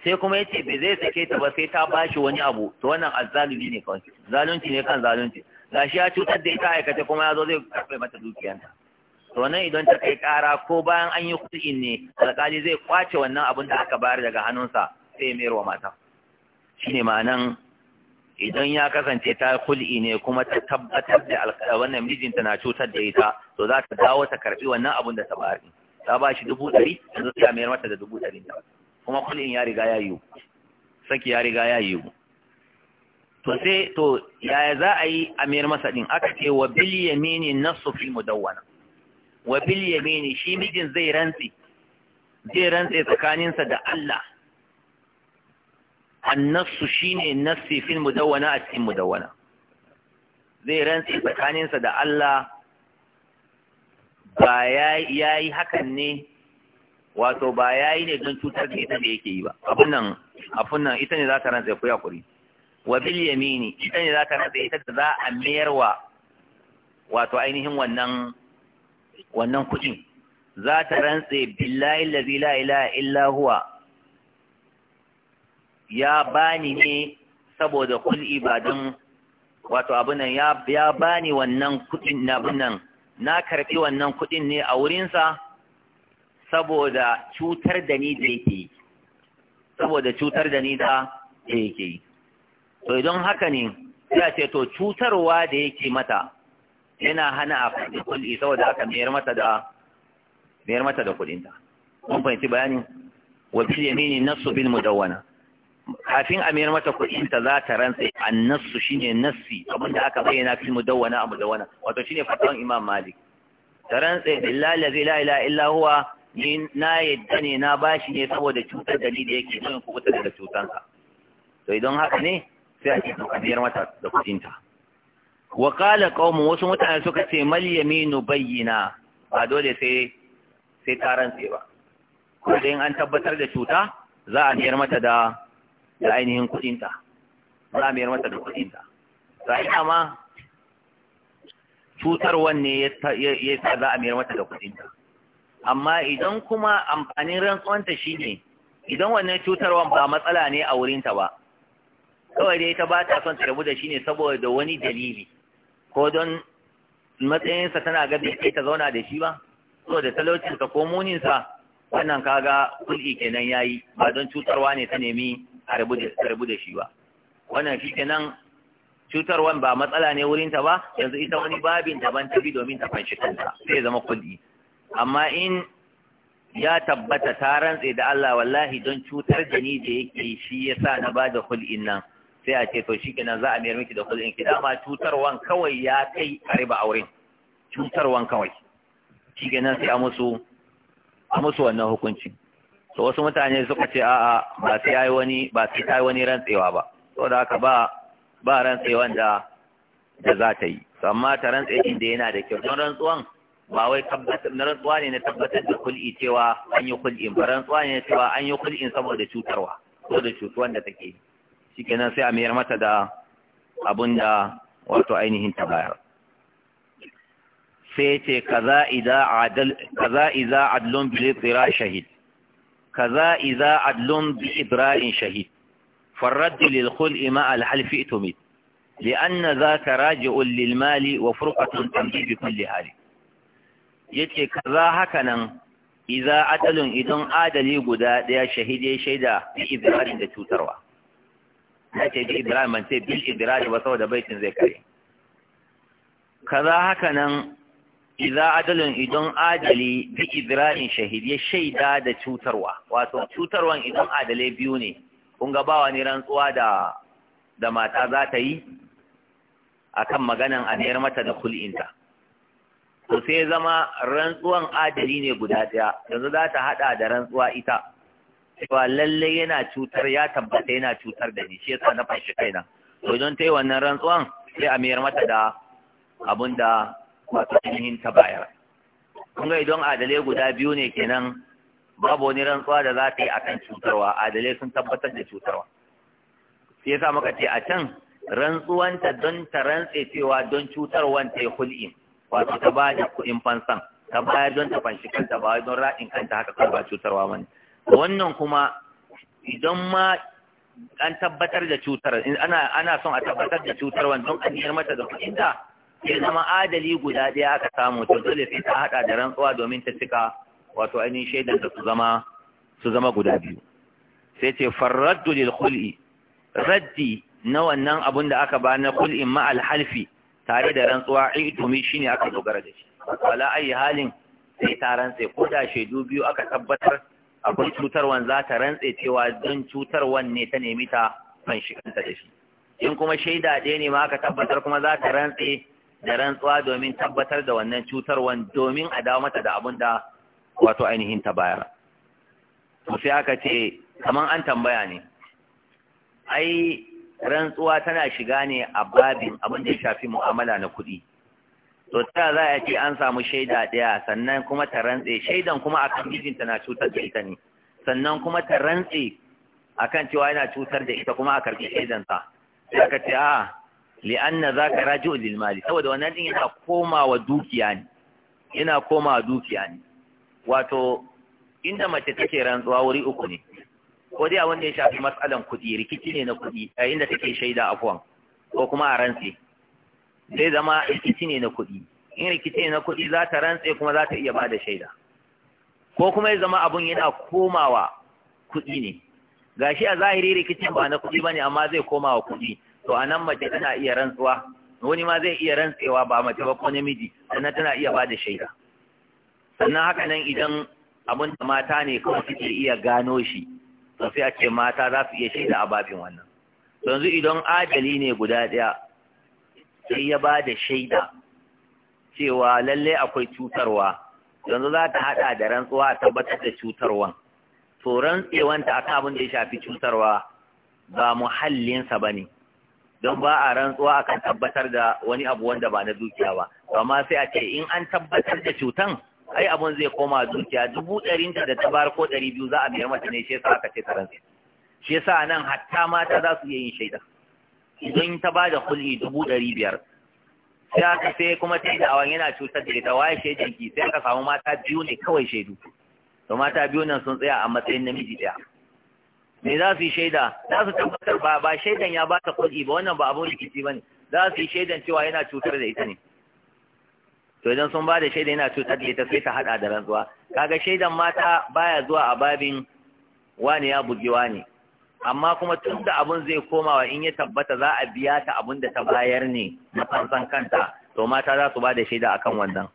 sai kuma ya ce bai zai sake ta ba sai ta bashi wani abu to wannan azzalumi ne kawai zalunci ne kan zalunci gashi ya cutar da ita aikata kuma ya zo zai karfe mata dukiyanta to nan idan ta kai kara ko bayan an yi kuɗi ne alƙali zai kwace wannan abin da aka bayar daga hannunsa sai mayar wa mata shine ma'anan idan ya kasance ta kul'i ne kuma ta tabbatar da wannan mijinta na cutar da ita to za ta dawo ta karɓi wannan abin da ta bayar ta ba shi dubu ɗari yanzu ta mayar mata da dubu ɗari kuma kul'in ya riga ya yiwu saki ya riga ya yiwu to sai to yaya za a yi a mayar masa din aka ce wa mini na sufi fi dawana wa bil mini shi mijin zai rantsi zai rantsi tsakaninsa da Allah annasu na nasi mu dawana a cikin mu dawana zai rantsi tsakaninsa da Allah ba ya yi hakan ne wato ba ya yi ne don cutar da ita da yake yi ba abin nan ita ne za ta rantsa ku ya kuri wa bil yamini ita ne za ta rantse ita da za a mayarwa wato ainihin wannan wannan kuɗin za ta rantse billahi allazi la ilaha illa huwa ya bani ne saboda kul ibadun wato abunan ya ya bani wannan kuɗin na abunan na karɓi wannan kuɗin ne a wurinsa saboda cutar da ni da yake saboda cutar da ni da yake yi to idan haka ne ya ce to cutarwa da yake mata yana hana a faɗi kulli saboda aka mayar mata da mayar mata da kuɗinta mun fahimci bayanin wa bil yamini nasu bil mudawwana kafin a mayar mata kuɗinta za ta rantse annasu shine nassi abinda aka bayyana fil mudawwana a mudawwana wato shine fatawan imam malik ta rantse billahi la ilaha illa huwa ni na yadda ne na bashi ne saboda cutar da ni da yake son kubuta daga cutansa to idan haka ne sai a ce to biyar mata da kudinta wa qala qaumun wasu mutane suka ce mal yaminu bayyina ba dole sai sai taran ba ko dai an tabbatar da cuta za a biyar mata da da ainihin kudinta za a biyar mata da kudinta sai amma cutar wanne ya sa za a biyar mata da kudinta amma idan kuma amfanin rantsuwanta shine idan wannan cutarwan ba matsala ne a wurinta ba kawai dai ta bata ta son ta rabu da shi ne saboda wani dalili ko don matsayinsa tana ga bai ta zauna da shi ba saboda talaucinsa ko muninsa wannan kaga kulki kenan yayi ba don cutarwa ne ta nemi a rabu da shi ba wannan shi kenan cutarwan ba matsala ne wurinta ba yanzu ita wani babin daban ta bi domin ta fanshi kanta sai zama kulki amma in ya tabbata ta rantse da Allah wallahi don cutar da ni da yake shi yasa na bada hul'in nan sai a ce to kenan za a mayar miki da kuɗin ki dama cutarwan kawai ya kai a riba auren cutarwan kawai shikenan sai a musu a musu wannan hukunci to wasu mutane suka ce a'a ba sai ai wani ba sai ta wani rantsewa ba saboda haka ba ba rantsewan da da za ta yi amma ta rantse din da yana da kyau don rantsuwan ba wai tabbatar na rantsuwa ne na tabbatar da kul'i cewa an yi kul'in ba rantsuwa ne cewa an yi kul'in saboda cutarwa saboda cutuwan da take yi shikenan sai a mayar mata da abun da wato ainihin ta bayar sai ce kaza idza adal kaza idza adlun bil idra shahid kaza idza adlun bi idra'in shahid farad lil khul'i ma al halfi tumid لأن ذاك راجع للمال وفرقة تمضي kaza haka iza adalun idan adali guda daya shahide shaida bi da cutarwa ya ce bi idrari ce bil idrari ba saboda baitin zai kare kaza haka nan idza adalun idan adali bi idrarin shahid shaida da cutarwa wato cutarwan idan adale biyu ne kun ga bawa ne rantsuwa da da mata za ta yi akan maganan a nayar mata da kul'inta to sai zama rantsuwan adali ne guda ɗaya yanzu za ta haɗa da rantsuwa ita cewa lalle yana cutar ya tabbata yana cutar da ni shi yasa na fashi kaina to don tai wannan rantsuwan sai a mayar mata da abun da wato ainihin ta bayar kun ga idan adalai guda biyu ne kenan babu wani rantsuwa da za ta yi akan cutarwa adalai sun tabbatar da cutarwa sai yasa muka ce a can rantsuwanta don ta rantse cewa don cutarwan ta yi hul'i wato ta ba kuɗin fansan ta bayar don ta fanshi kanta ba don ra'in kanta haka kawai ba cutarwa mani wannan kuma idan ma an tabbatar da cutar ana ana son a tabbatar da cutar wannan an yi mata da da ya zama adali guda ɗaya aka samu to dole sai ta haɗa da rantsuwa domin ta cika wato ainihin shaidar da su zama su zama guda biyu sai ce farraddu lil khul'i raddi na wannan abun da aka ba na kul'in ma alhalfi tare da rantsuwa itumi shine aka dogara da shi wala ayi halin sai ta rantse ko da shaidu biyu aka tabbatar akwai cutarwan za ta rantse cewa don cutarwan ne ta nemi ta fanshi kanta da shi in kuma shaida ɗaya ne ma aka tabbatar kuma za ta rantse da rantsuwa domin tabbatar da wannan cutarwan domin a dawo mata da abin da wato ainihin ta bayar to sai aka ce kamar an tambaya ne ai rantsuwa tana shiga ne a babin abin da ya shafi mu'amala na kuɗi to ta za a ce an samu shaida ɗaya sannan kuma ta rantse shaidan kuma akan mijinta na cutar da ita ne sannan kuma ta rantse akan cewa yana cutar da ita kuma a karɓi shaidansa sai aka ce a ah, li'anna za ka lil mali saboda wannan din yana komawa dukiya ne yana komawa dukiya ne wato inda mace take rantsuwa wuri uku ne ko dai abin da ya shafi matsalan kuɗi rikici ne na kuɗi a inda take shaida afuwan ko kuma a rantse zai zama rikici ne na kuɗi in rikici ne na kuɗi za ta rantse kuma za ta iya ba da shaida ko kuma ya zama abun yana komawa kuɗi ne gashi a zahiri rikicin ba na kuɗi ba ne amma zai komawa kuɗi to a nan mace tana iya rantsuwa wani ma zai iya rantsewa ba mace ba ko namiji sannan tana iya ba da shaida sannan haka nan idan abin da mata ne kawai suke iya gano shi to sai a ce mata za su iya shaida a babin wannan yanzu idan adali ne guda ɗaya sai ya ba da shaida cewa lalle akwai cutarwa yanzu za ta haɗa da rantsuwa a tabbatar da cutarwan to ta akan abin da ya shafi cutarwa ba muhallinsa ba ne don ba a rantsuwa akan tabbatar da wani abu wanda ba na dukiya ba amma sai a ce in an tabbatar da cutan ai abun zai koma dukiya dubu ɗarinta da ta ko ɗari biyu za a biyar mata ne shi yasa aka ce ta rantsi shi yasa nan hatta mata za su iya yin shaida idan ta ba da kulli dubu ɗari biyar sai aka sai kuma ta da awan yana cutar da ita waye shaidin ki sai aka samu mata biyu ne kawai shaidu to mata biyu nan sun tsaya a matsayin namiji ɗaya me za su yi shaida za su tabbatar ba ba shaidan ya ba ta kulli ba wannan ba abun rikici ba ne za su yi shaidan cewa yana cutar da ita ne to idan sun ba da shaida yana cutar da ita sai ta haɗa da rantsuwa kaga shaidan mata baya zuwa a babin wane ya bugi wane amma kuma tun da abun zai komawa in ya tabbata za a biya ta abun da ta bayar ne na fansan kanta to mata za su ba da shaida akan wannan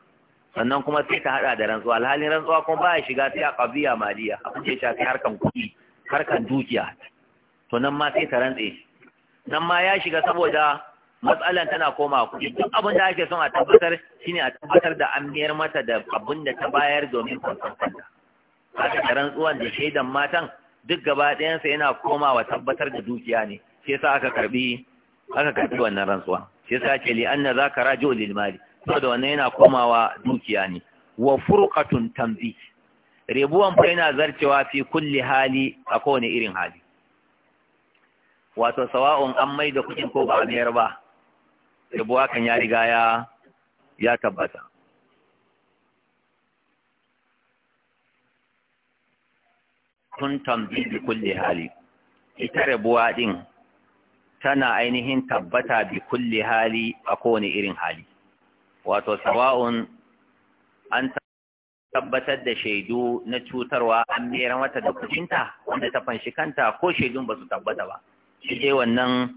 sannan kuma sai ta hada da rantsuwa alhalin rantsuwa kuma ya shiga sai a qabiya maliya abin da ya shafi harkan kuɗi harkan dukiya to nan ma sai ta rantse nan ma ya shiga saboda matsalan tana koma kuɗi duk abin da ake son a tabbatar shine a tabbatar da an biyar mata da abin da ta bayar domin fansan kanta ka da rantsuwan da shaidan matan duk gaba ɗayansa yana komawa tabbatar da dukiya ne shi yasa aka karbi aka karbi wannan rantsuwa shi yasa ce li anna zaka raji'u lil mali saboda wannan yana komawa dukiya ne wa furqatun tambi rebuwan fa yana zarcewa fi kulli hali a kowane irin hali wato sawa'un an mai da kuɗin ko ba a mayar ba rebuwa kan ya riga ya ya tabbata tun tambi bi kulli hali ita rabuwa din tana ainihin tabbata bi kulli hali a kowane irin hali wato sawa'un an tabbatar da shaidu na cutarwa an mera mata da kujinta wanda ta fanshi kanta ko shaidun ba su tabbata ba shi dai wannan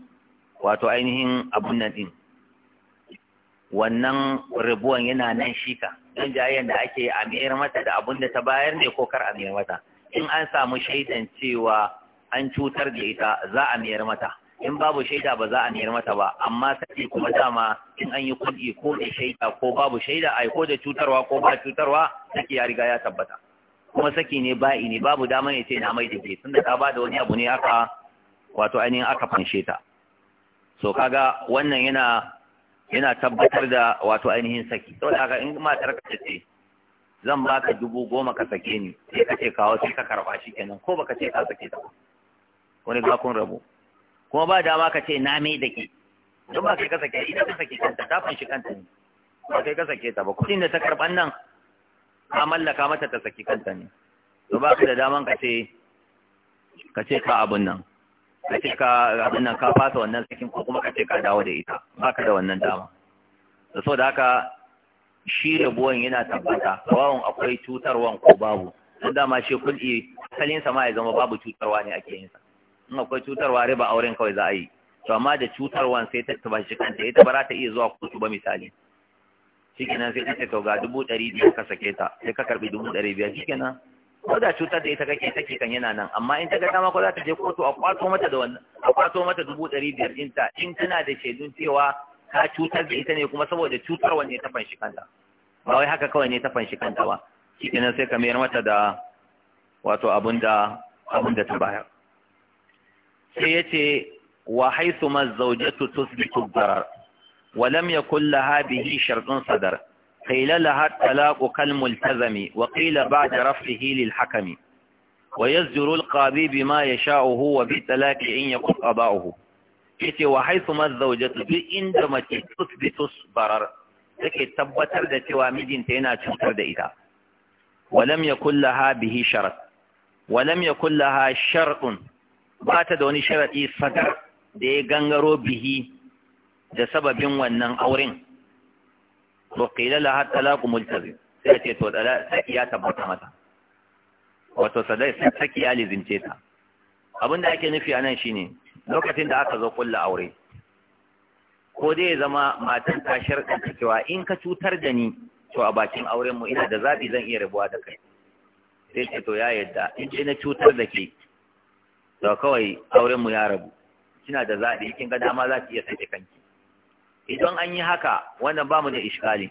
wato ainihin abun nan din wannan rabuwan yana nan shika don jayen da ake a mera mata da abun da ta bayar ne ko kar a mera mata in an samu shaidan cewa an cutar da ita za a mayar mata in babu shaida ba za a mayar mata ba amma sai kuma dama in an yi kudi ko da shaida ko babu shaida ai ko da cutarwa ko ba cutarwa saki ya riga ya tabbata kuma saki ne ba ne babu dama ya ce na mai da ke tunda ka ba da wani abu ne aka wato ainihin aka fanshe ta so kaga wannan yana yana tabbatar da wato ainihin saki saboda haka in matar ka ce zan baka dubu goma ka sake ni sai ka ce kawo sai ka karɓa shi kenan ko baka ce ka sake ta wani ga kun rabu kuma ba dama ka ce na mai da ke don ba kai ka sake ita ka sake kanta ta fanshi kanta ne ba kai ka sake ta ba kudin da ta karɓan nan ka mallaka mata ta saki kanta ne to ba ka da daman ka ce ka ce ka abun nan ka ce ka abun nan ka fasa wannan sakin ko kuma ka ce ka dawo da ita ba ka da wannan dama da so da haka shi rabuwan yana tabbata wawan akwai cutarwan ko babu don dama shi kulɗi asalin sama ya zama babu cutarwa ne ake yinsa sa in akwai cutarwa riba auren kawai za a yi to amma da cutarwan sai ta taba shi kanta ita ba za ta iya zuwa kotu ba misali shikenan sai ta to ga dubu ɗari biyar ka sake ta sai ka karɓi dubu ɗari biyar shikenan ko da cutar da ita kake take kan yana nan amma in ta ga dama ko za ta je kotu a kwato mata da wannan a kwato mata dubu ɗari biyar ɗinta in tana da shaidun cewa ka cutar da ita ne kuma saboda cutar wanne ta fanshi kanta ba wai haka kawai ne ta fanshi kanta ba shikenan sai ka mayar mata da wato abin da abin da ta bayar sai yace wa haythu ma zawjatu tusbitu darar wa lam yakul laha bihi shartun sadar قيل لها الطلاق كالملتزم وقيل بعد رفعه للحكم ويزجر القاضي بما يشاءه وبالطلاق إن يكن قضاؤه yace wa haythu mazzawjatu bi inda mace tusbitu barar take tabbatar da cewa mijinta yana cutar da ita walam yakul laha bihi sharat walam yakul laha shar'un ba ta da wani sharadi sadar da ya gangaro bihi da sababin wannan auren to hatta la talaqu multazim sai ce to da sai ya tabbata mata wato sadai sai saki ya lizince ta abinda ake nufi anan shine lokacin da aka zo kulla aure ko dai zama matan ta sharkanta cewa in ka cutar da ni to a bakin auren mu ina da zabi zan iya rabuwa da kai sai ce to ya yadda in ce na cutar da ke to kawai auren mu ya rabu kina da zabi kin ga dama za ki iya sake kanki idan an yi haka wannan ba mu da iskali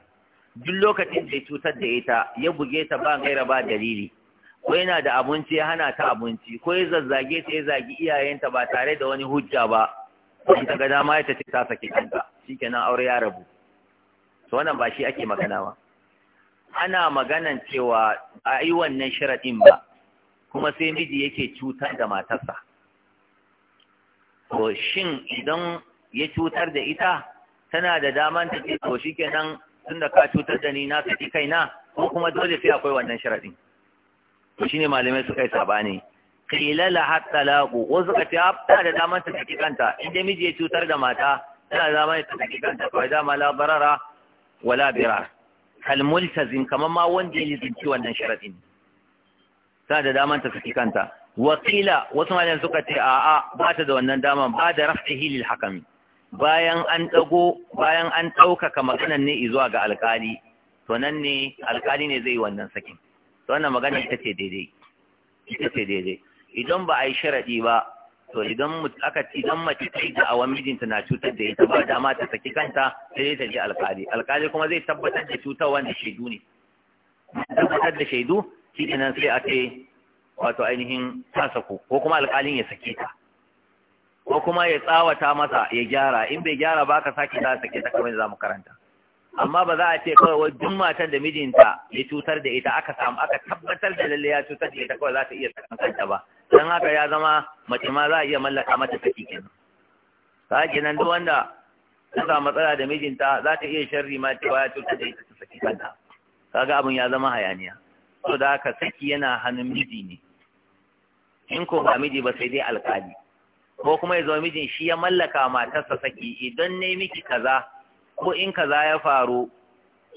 duk lokacin da ya cutar da ita ya buge ta ba gaira ba dalili ko yana da abinci ya hana ta abinci ko ya zazzage ta ya zagi iyayenta ba tare da wani hujja ba in ta ga dama ita ce ta saki kanta shikenan aure ya rabu to wannan ba shi ake magana ba ana maganan cewa a yi wannan sharaɗin ba kuma sai miji yake cutar da matarsa to shin idan ya cutar da ita tana da daman ta ce to shikenan tunda ka cutar da ni na saki kaina ko kuma dole sai akwai wannan sharaɗin to shine malamai suka yi sabani qila la hatta laqu wasu suka ce hafta ah, da daman ta saki kanta inda miji ya cutar da mata tana da daman ta saki kanta fa dama la barara wala bira. kal multazim kaman ma wanda ya lizinci wannan sharadin tana da daman ta saki kanta wa qila wasu malamai suka ce a'a ba ta da wannan daman ba da raf'ihi lil hakami bayan an ɗago bayan an ɗaukaka maganan ne zuwa ga alkali to nan ne alkali ne zai yi wannan sakin to wannan magana ita ce daidai ita ce daidai idan ba a yi sharaɗi ba to idan aka idan mace ta yi da awan mijinta na cutar da ita ba dama ta saki kanta sai ta je alƙali alƙali kuma zai tabbatar da cutar wanda shaidu ne tabbatar da shaidu shi kenan sai a ce wato ainihin ta sako ko kuma alƙalin ya sake ta ko kuma ya tsawata masa ya gyara in bai gyara ba ka sake za a sake ta kamar da za mu karanta amma ba za a ce kawai wa duk matan da mijinta ya cutar da ita aka samu aka tabbatar da lalle ya cutar da ita kawai za ta iya sakanta ba don haka ya zama mace ma za a iya mallaka mata saki kenan ka kenan duk wanda ta samu matsala da mijinta za ta iya sharri ma cewa ya cutar da ita ta saki kanta kaga abin ya zama hayaniya to da haka saki yana hannun miji ne in ko ba miji ba sai dai alƙali. ko kuma ya zama mijin shi ya mallaka matarsa saki idan ne miki kaza ko in kaza ya faru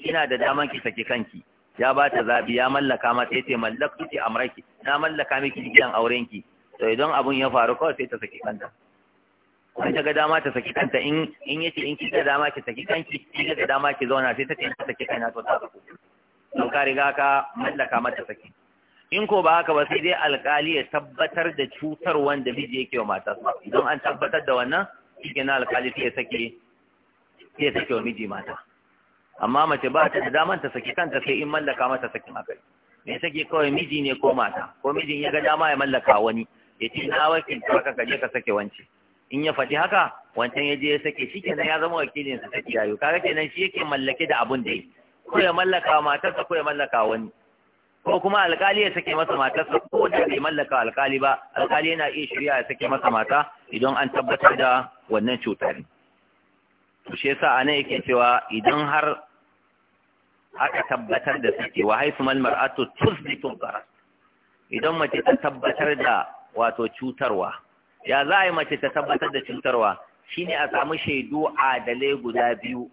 ina da daman ki saki kanki ya ba ta zabi ya mallaka mata yace mallaktu ki amraki na mallaka miki gidan aurenki to idan abun ya faru kawai sai ta saki kanta sai ta ga dama ta saki kanta in in yace in da dama ki saki kanki ki ga dama ki zauna sai ta ce ta saki kaina to ta saku to ka riga ka mallaka mata saki in ko ba haka ba sai dai alkali ya tabbatar da cutar wanda miji yake wa matasa, idan an tabbatar da wannan shi na alkali sai ya sake iya sake wa miji mata amma mace ba ta da daman ta saki kanta sai in mallaka mata sakin akai me sake kawai miji ne ko mata ko mijin ya ga dama ya mallaka wani ya ce na wakil ka ka je ka sake wance in ya faɗi haka wancan ya je ya sake shi kenan ya zama wakilin sa saki yayo kaga kenan shi yake mallake da abun da yi ko ya mallaka matarsa ko ya mallaka wani ko kuma alkali ya sake masa matarsa ko da bai mallaka alkali ba alkali yana iya shirya ya sake masa mata idan an tabbatar da wannan cutar to shi yasa anan yake cewa idan har aka tabbatar da sake wa haifu mal mar'atu tusbitu qaras idan mace ta tabbatar da wato cutarwa ya za a yi mace ta tabbatar da cutarwa shine a samu shaidu adalai guda biyu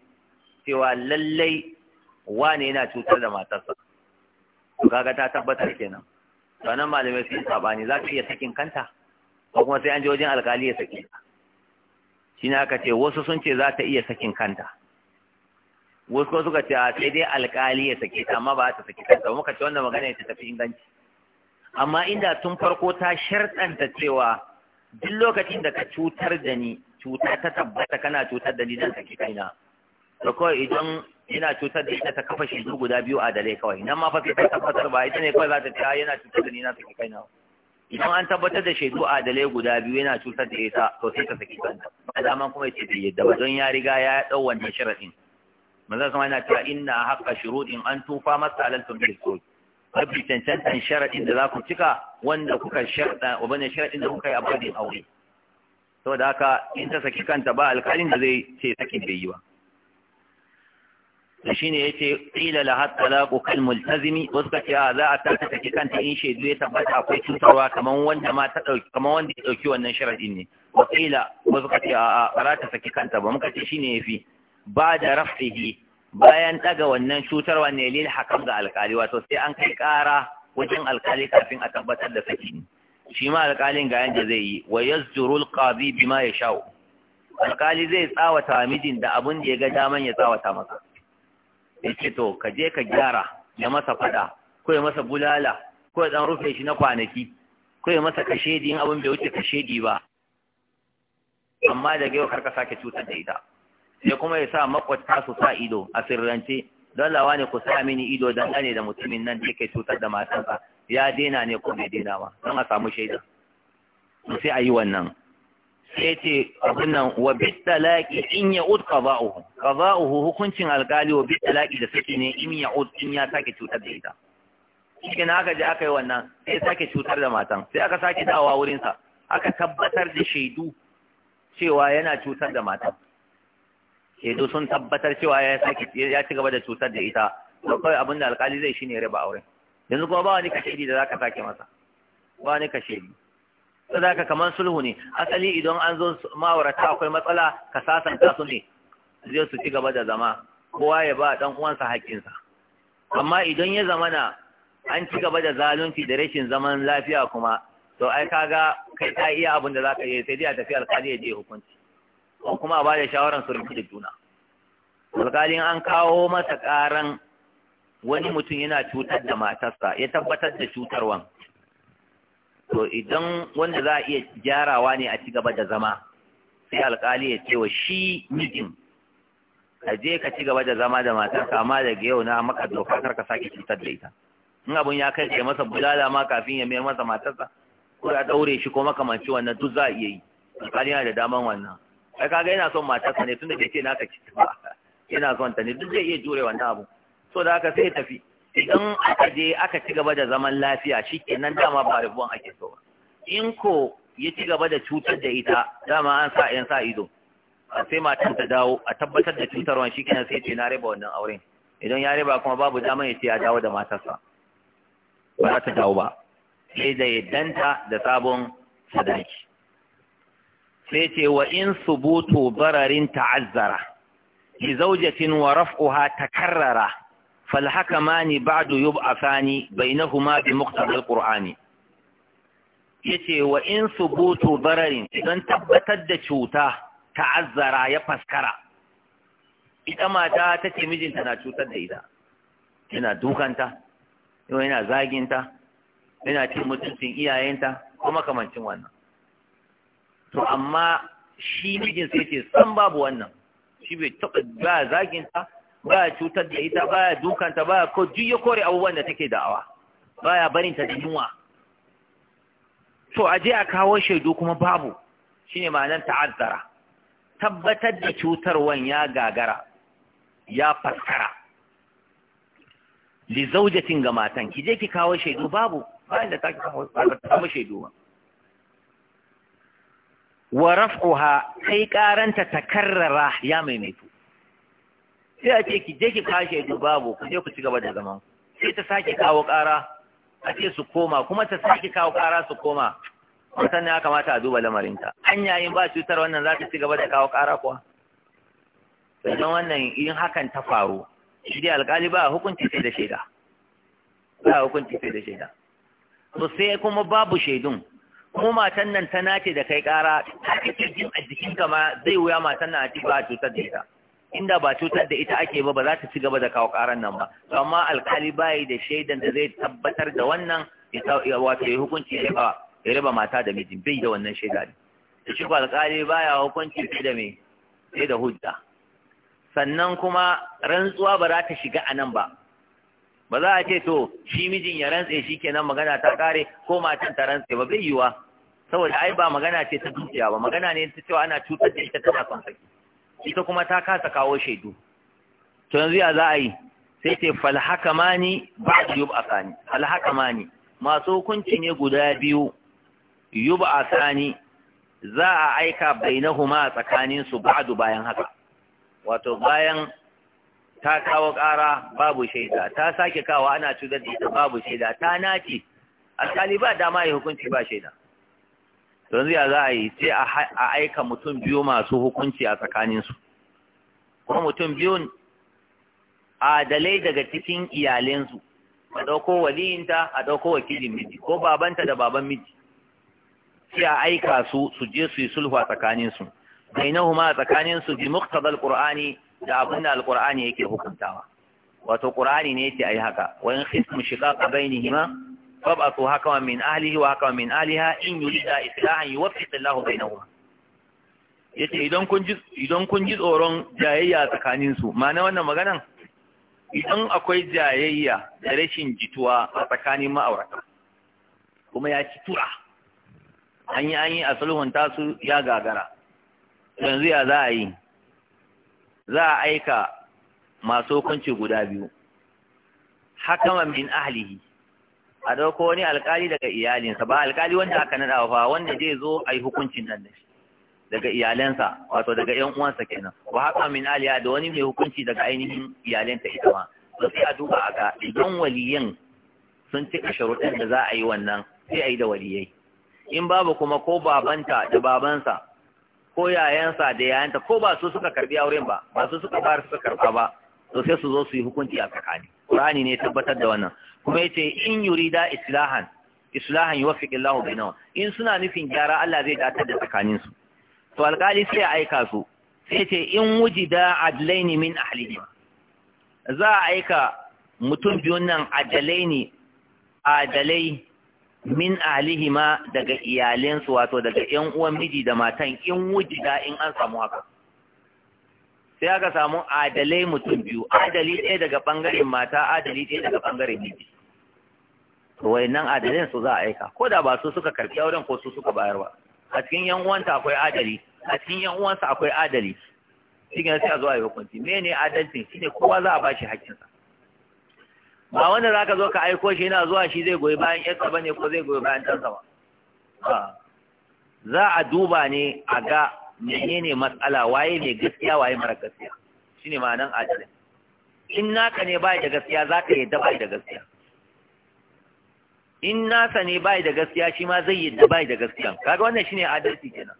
cewa lallai wane yana cutar da matarsa to kaga ta tabbatar kenan to nan malamai sun sabani za ka iya sakin kanta ko kuma sai an je wajen alkali ya sake ta shi ne aka ce wasu sun ce za ta iya sakin kanta wasu kuma suka ce a sai dai alkali ya sake ta amma ba ta saki kanta muka ce wannan magana ta tafi inganci amma inda tun farko ta shartanta cewa duk lokacin da ka cutar da ni cuta ta tabbata kana cutar da ni dan kai kaina to kawai idan yana cutar da ita ta kafa shi guda biyu a dare kawai nan ma fa sai ta tabbatar ba ita ne kawai za ta ce yana cutar da ni na kai kaina idan an tabbatar da shaidu a adalai guda biyu yana cutar da ita to sai ta saki kanta ba daman kuma ce bai yadda ba don ya riga ya dau wannan sharadin manzon sama yana cewa inna haqqa shurutin an tufa masalatun bil su. mafi cancantan sharadin da za ku cika wanda kuka sharda da kuka yi a aure saboda haka in ta saki kanta ba alƙalin da zai ce saki bai yi ba to ya ce qila laha talaqu kal multazimi wasu ce a za a tata take kanta in shaidu ya tabbata akwai cutarwa kamar wanda ma ta dauki kaman wanda ya dauki wannan sharadin ne wa wasu ce a ta saki kanta ba muka ce ya fi, ba da rafihi bayan daga wannan cutarwa ne lil hakam ga alkali wato sai an kai kara wajen alkali kafin a tabbatar da saki shi ma alkalin ga yanda zai yi wa yazjurul qadi bima yasha'u alkali zai tsawata mijin da abun da ya ga daman ya tsawata masa yace to ka je ka gyara ya masa fada ko ya masa bulala ko ya dan rufe shi na kwanaki ko ya masa kashedi in abin bai wuce kashedi ba amma daga yau karka sake cutar da ita ya kuma ya sa makwata su sa ido a sirrance don lawa ne ku sa mini ido don gane da mutumin nan da yake cutar da matansa ya dena ne ko bai dena ba don a samu shaida sai a yi wannan sai ce abin nan wa bitalaki in ya ud qada'uhu qada'uhu hukuncin alkali wa bitalaki da suke ne in ya ud in ya sake cutar da ita shi na aka je aka yi wannan sai sake cutar da matan sai aka sake dawa wurin sa aka tabbatar da shaidu cewa yana cutar da matan shaidu sun tabbatar cewa ya sake ya ci gaba da cutar da ita to kai abin da alkali zai shine riba auren yanzu kuma ba wani kashedi da zaka sake masa ba wani kashedi ka kamar sulhu ne asali idan an zo ma'aurata akwai matsala ka sasanta su ne zai su ci gaba da zama kowa ya ba dan uwansa haƙƙinsa amma idan ya zama na an ci gaba da zalunci da rashin zaman lafiya kuma to ai kaga kai ta iya abin da zaka yi sai dai a tafi alƙali ya je hukunci ko kuma a ba da shawaran su da juna alƙalin an kawo masa ƙaran wani mutum yana cutar da matarsa ya tabbatar da cutarwan to idan wanda za a iya gyarawa ne a ci gaba da zama sai alkali ya ce wa shi mijin a je ka ci gaba da zama da matar kama daga yau na maka dokar ka sake cutar da ita in abun ya kai masa bulala ma kafin ya mayar masa matarsa ko ya daure shi ko makamanci wannan duk za a iya yi alkali yana da daman wannan ai kaga yana son matarsa ne tunda ke ce naka ci ba yana son ta ne duk zai iya jure wannan abu so da haka sai tafi idan aka je aka ci gaba da zaman lafiya shi kenan dama ba rabuwan ake so in ko ya ci gaba da cutar da ita dama an sa yan sa ido sai matan ta dawo a tabbatar da cutarwan shi kenan sai ce na riba wannan auren idan ya riba kuma babu dama ya ce ya dawo da matarsa ba za ta dawo ba sai da yaddanta da sabon sadaki sai ce wa in subutu bararin ta'azzara li zaujatin wa raf'uha takarrara falhakamani ba'du yub'athani bainahuma bi muqtadal qur'ani yace wa in subutu bararin, idan tabbatar da cuta ta'azzara ya faskara ita mata ta mijinta na cutar da ita yana dukanta yana zaginta yana cin mutuncin iyayenta kuma kamancin wannan to amma shi mijin sai ce san babu wannan shi bai taɓa zaginta Ba ya cutar da ita ba ya dukanta ba ko duk kore abubuwan da take da'awa ya barin ta da yunwa to aje a kawo shaidu kuma babu shine ma'anar ta'azzara tabbatar da cutarwan ya gagara ya faskara li zaujatin ga matan ki je ki kawo shaidu babu bayan da ta kawo shaidu ba wa raf'uha kai karanta takarrara ya maimaitu sai a ce ki je ki kashe duk babu ku je ku ci gaba da zaman sai ta sake kawo ƙara a ce su koma kuma ta sake kawo ƙara su koma wannan ya kamata a duba lamarinta hanya yin ba cutar wannan za ta ci gaba da kawo ƙara kuwa sannan wannan in hakan ta faru shi dai alƙali ba hukunci sai da shaida ba hukunci sai da shaida to sai kuma babu shaidun kuma matan nan ta nace da kai ƙara ta kake jin a jikinka ma zai wuya matan nan a ci ba cutar da ita inda ba cutar da ita ake ba ba za ta ci gaba da kawo karan nan ba amma alkali bai da shaidan da zai tabbatar da wannan ya wato ya hukunci ya ba ya raba mata da mijin bai da wannan shaida ne shi ko alkali baya hukunci sai da me sai da hujja sannan kuma rantsuwa ba za ta shiga a nan ba ba za a ce to shi mijin ya rantse shi kenan magana ta kare ko matan ta rantse ba bai yiwa saboda ai ba magana ce ta dukiya ba magana ne ta cewa ana cutar da ita tana son saki ita kuma ta kasa kawo shaidu to yanzu ya za a yi sai ce falhakamani ba yi yub sani falhakamani masu hukunci ne guda biyu a Sani, za a aika bainahuma a tsakanin su ba'du bayan haka wato bayan ta kawo ƙara babu shaida ta sake kawo ana cutar da ita babu shaida ta nace alƙali ba dama ya hukunci ba shaida yanzu ya za a yi sai a aika mutum biyu masu hukunci a tsakaninsu kuma mutum biyun adalai daga cikin iyalensu a ɗauko waliyinta a ɗauko wakilin miji ko babanta da baban miji sai a aika su su je su yi sulhu a tsakaninsu ma a tsakaninsu bi muqtadal ƙur'ani, da abin da alqur'ani yake hukuntawa wato ƙur'ani ne yake ayi haka wa in khiftum shiqaqa bainihima فابعثوا حكما من أهله وحكما من أهلها إن يريد إصلاحا يوفق الله بينهما yace idan kun ji tsoron jayayya tsakaninsu ma'ana wannan magana idan akwai jayayya da rashin jituwa a tsakanin ma'aurata kuma ya ci tura an yi an yi a sulhunta su ya gagara yanzu ya za a yi za a aika masu hukunci guda biyu hakaman min ahlihi a dauko wani alkali daga iyalinsa ba alkali wanda aka nada ba wanda zai zo a yi hukuncin nan da shi daga iyalansa wato daga 'yan uwansa kenan wa haka min aliya da wani mai hukunci daga ainihin iyalanta ita ma to sai a duba a ga idan waliyan sun cika sharuɗin da za a yi wannan sai a yi da waliyai in babu kuma ko babanta da babansa ko yayansa da yayanta ko ba su suka karbi auren ba ba su suka fara suka karba ba to sai su zo su yi hukunci a tsakani Qur'ani ne tabbatar da wannan kuma yace in yurida islahan islahan yuwaffiq Allahu bainahum in suna nufin gyara Allah zai datar da tsakanin su to alƙali sai ya aika su sai yace in wujida adlaini min ahlihim za a aika mutum biyun nan adlaini adalai min ahlihima daga su wato daga ƴan uwan miji da matan in wujida in an samu haka sai aka samu adalai mutum biyu adali ɗaya daga ɓangaren mata adali ɗaya daga ɓangaren miji to nan adalin su za a aika ko da ba su suka karɓi auren ko su suka bayar ba a cikin yan uwanta akwai adali a cikin yan uwansa akwai adali cikin sai a zo a yi hukunci mene adalcin shine kowa za a bashi hakkinsa ba wanda zaka zo ka aiko shi yana zuwa shi zai goyi bayan yarsa bane ko zai goyi bayan ɗansa ba za a duba ne a ga menene matsala waye ne gaskiya waye mara gaskiya shine ma'anan adalci in naka ne bai da gaskiya zaka da bai da gaskiya in nasa ne bai da gaskiya shi ma zai da bai da gaskiya kaga wannan shine adalci kenan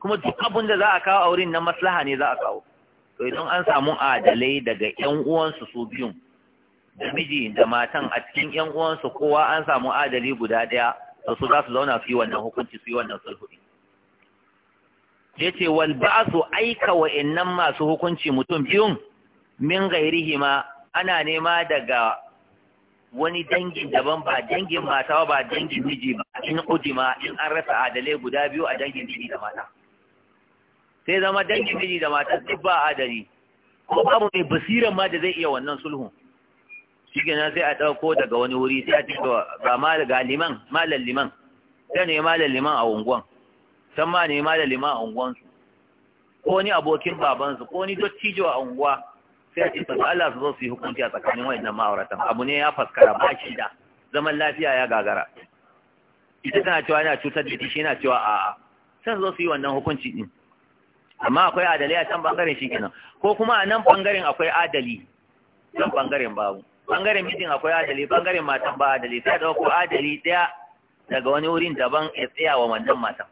kuma duk abin da za a kawo a wurin nan maslaha ne za a kawo to idan an samu adalai daga ƴan uwansu su biyun da miji da matan a cikin ƴan uwansu kowa an samu adali guda ɗaya to su za su zauna su yi wannan hukunci su yi wannan sulhu Ya ce wal su aika wa innan masu hukunci mutum biyun min gairihima ana nema daga wani dangin daban ba dangin mata ba dangin miji ba in ujima in an rasa adalai guda biyu a dangin miji da mata sai zama dangin miji da mata duk ba adali ko babu mai basiran ma da zai iya wannan sulhu? shi kenan sai a ɗauko daga wani wuri sai a cikin ba liman liman sai ne malar liman a unguwan can ma ne ma da lima a unguwansu ko ni abokin babansu ko ni dottijo a unguwa sai a ce ta Allah su zo su yi hukunci a tsakanin wayannan ma'auratan abu ne ya faskara ba shi da zaman lafiya ya gagara ita tana cewa yana cutar da shi yana cewa a'a san zo su yi wannan hukunci din amma akwai adali a can bangaren shi kenan ko kuma a nan bangaren akwai adali can bangaren babu bangaren mijin akwai adali bangaren matan ba adali sai da ko adali daya daga wani wurin daban ya tsaya wa wannan matan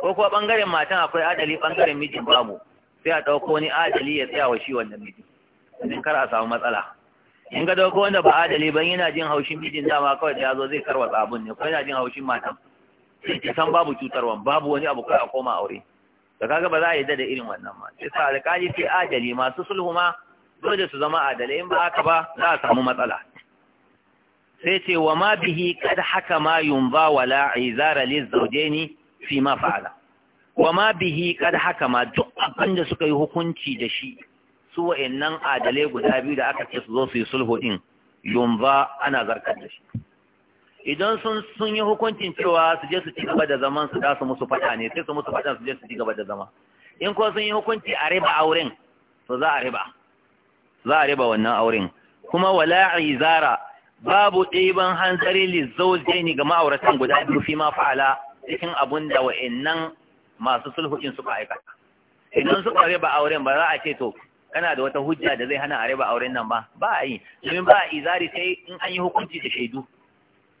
ko kuwa ɓangaren matan akwai adali ɓangaren mijin babu sai a ɗauko wani adali ya tsaya wa shi wannan mijin domin kar a samu matsala in ka ɗauko wanda ba adali ban yana jin haushin mijin dama kawai da ya zo zai karwa tsabun ne ko yana jin haushin matan sai san babu cutarwa babu wani abu kawai a koma aure da kaga ba za a yi da irin wannan ma sai sa alƙali sai adali masu sulhu ma dole su zama adali in ba haka ba za a samu matsala sai ce wa ma bihi kad haka ma yumba wala izara liz zawjaini fi ma fa'ala wa ma bihi kad haka ma duk abin da suka yi hukunci da shi su wayennan adalai guda biyu da aka ce su zo su yi sulhu din yumba ana zarkar da shi idan sun sun yi hukuncin cewa su je su ci gaba da zaman su da su musu fada ne sai su musu fada su je su ci gaba da zama in ko sun yi hukunci a riba auren to za a riba za a riba wannan auren kuma wala izara babu ɗiban hanzari lizaujaini ga ma'auratan guda biyu fi ma fa'ala cikin abun da wa'annan masu sulhu suka aikata idan suka ba auren ba za a ce to kana da wata hujja da zai hana a raba auren nan ba ba a yi domin ba a izari sai in an yi hukunci da shaidu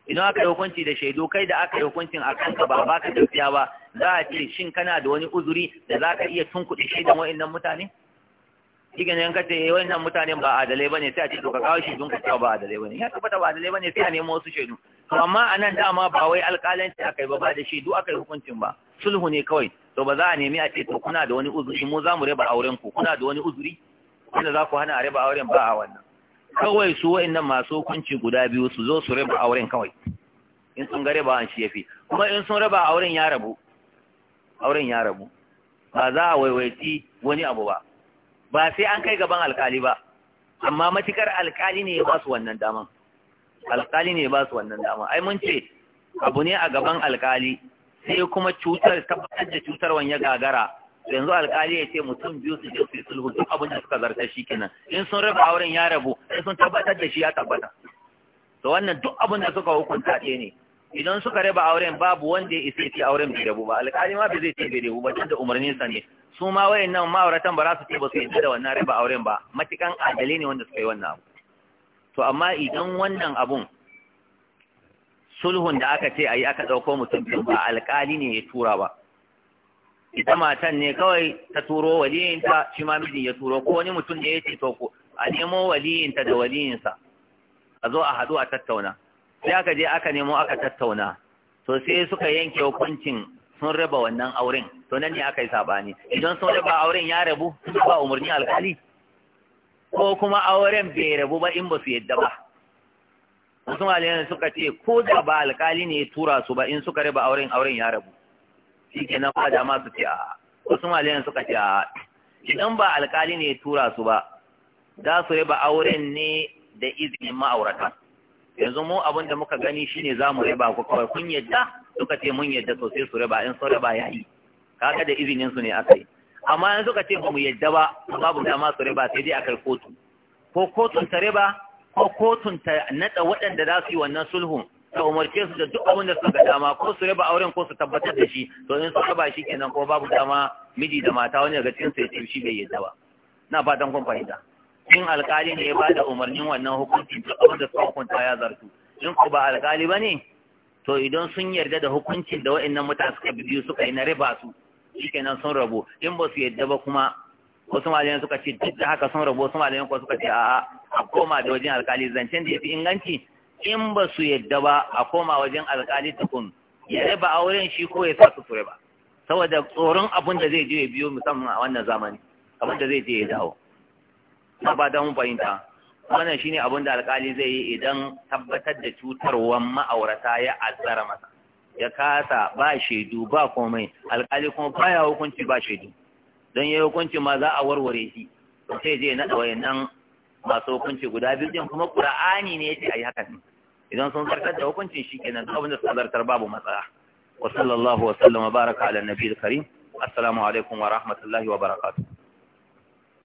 idan aka yi hukunci da shaidu kai da aka yi hukuncin a kanka ba ba ka tafiya ba za a ce shin kana da wani uzuri da za ka iya tunkuɗe shaidan wa'annan mutane shiga ne ka ce eh, wa'annan mutane ba adalai ba ne sai a ce to ka kawo shaidun ka ba adalai ba ne ya tabbata ba adalai ba ne sai a nemo wasu shaidu to amma nan dama ba wai alƙalanci aka yi ba ba da shi duk aka yi hukuncin ba sulhu ne kawai to ba za a nemi a ce to kuna da wani uzuri mu za mu raba auren ku kuna da wani uzuri wanda za ku hana a raba auren ba a wannan kawai su wa'annan masu hukunci guda biyu su zo su raba auren kawai in sun ga raba an shi yafi kuma in sun raba auren ya rabu auren ya rabu ba za a waiwaiti wani abu ba ba sai an kai gaban alkali ba amma matukar alkali ne ya ba su wannan daman alkali ne ba su wannan dama ai mun ce abu ne a gaban alkali sai kuma cutar tabbatar da wani ya gagara yanzu alkali ya ce mutum biyu su je su sulhu duk abin da suka zarta shi kenan in sun raba auren ya rabu sai sun tabbatar da shi ya tabbata to wannan duk abin da suka hukunta ɗaya ne idan suka raba auren babu wanda ya isa ce auren bai rabu ba alkali ma bai zai ce bai rabu ba tunda umarnin sa ne su ma wayannan ma'auratan ba za su ce ba su yadda da wannan raba auren ba matikan adalai ne wanda suka yi wannan abu to amma idan wannan abun sulhun da aka ce ayi aka ɗauko mutum biyu ba alƙali ne ya tura ba ita matan ne kawai ta turo waliyinta shi ma mijin ya turo ko wani mutum ne ya ce ko a nemo waliyinta da waliyinsa a zo a haɗu a tattauna sai aka je aka nemo aka tattauna to sai suka yanke hukuncin sun raba wannan auren to nan ne aka yi sabani idan sun raba auren ya rabu sun ba umarni alƙali ko kuma auren bai rabu ba in ba su yadda ba wasu malayan suka ce ko da ba alkali ne ya tura su ba in suka raba auren auren ya rabu shi ke nan fada ma su ce a wasu malayan suka ce a idan ba alkali ne ya tura su ba za su raba auren ne da izinin ma'aurata yanzu mu abin da muka gani shine za mu raba ku kawai kun yadda suka ce mun yadda sosai su raba in sun raba ya yi kaga da izinin su ne aka yi amma in suka ce ba mu yadda ba babu dama su riba sai dai a kai kotu ko kotun ta riba ko kotun ta nada waɗanda za su yi wannan sulhun ta umarce su da duk abin da suka dama ko su riba auren ko su tabbatar da shi to in suka ba shi kenan ko babu dama miji da mata wani daga cikin su ya ce shi bai yadda ba na fatan kun fahimta in alkali ne ya ba da umarnin wannan hukunci duk abin da suka hukunta ya zartu in ku ba alkali ba ne to idan sun yarda da hukuncin da wa'annan mutane suka biyu suka yi na riba su shikenan sun rabu in ba su yadda ba kuma wasu malayen suka ce duk da haka sun rabu wasu malayen kuma suka ce a'a a koma da wajen alkali zancen da ya fi inganci in ba su yadda ba a koma wajen alkali tukun ya raba auren shi ko ya sa su ture ba saboda tsoron abin da zai je ya biyo musamman a wannan zamani abin da zai je ya dawo na ba don fahimta wannan shine abin da alkali zai yi idan tabbatar da cutarwar ma'aurata ya azzara masa ya kasa ba shaidu ba komai alkali kuma baya hukunci ba shaidu don yayi hukunci ma za a warware shi sai zai naɗa wayannan masu hukunci guda biyu din kuma ƙura'ani ne a ayi haka idan sun zartar da hukuncin shi abin da suka zartar babu matsala wa sallallahu wa sallama baraka ala nabiyil karim assalamu alaikum wa rahmatullahi wa barakatuh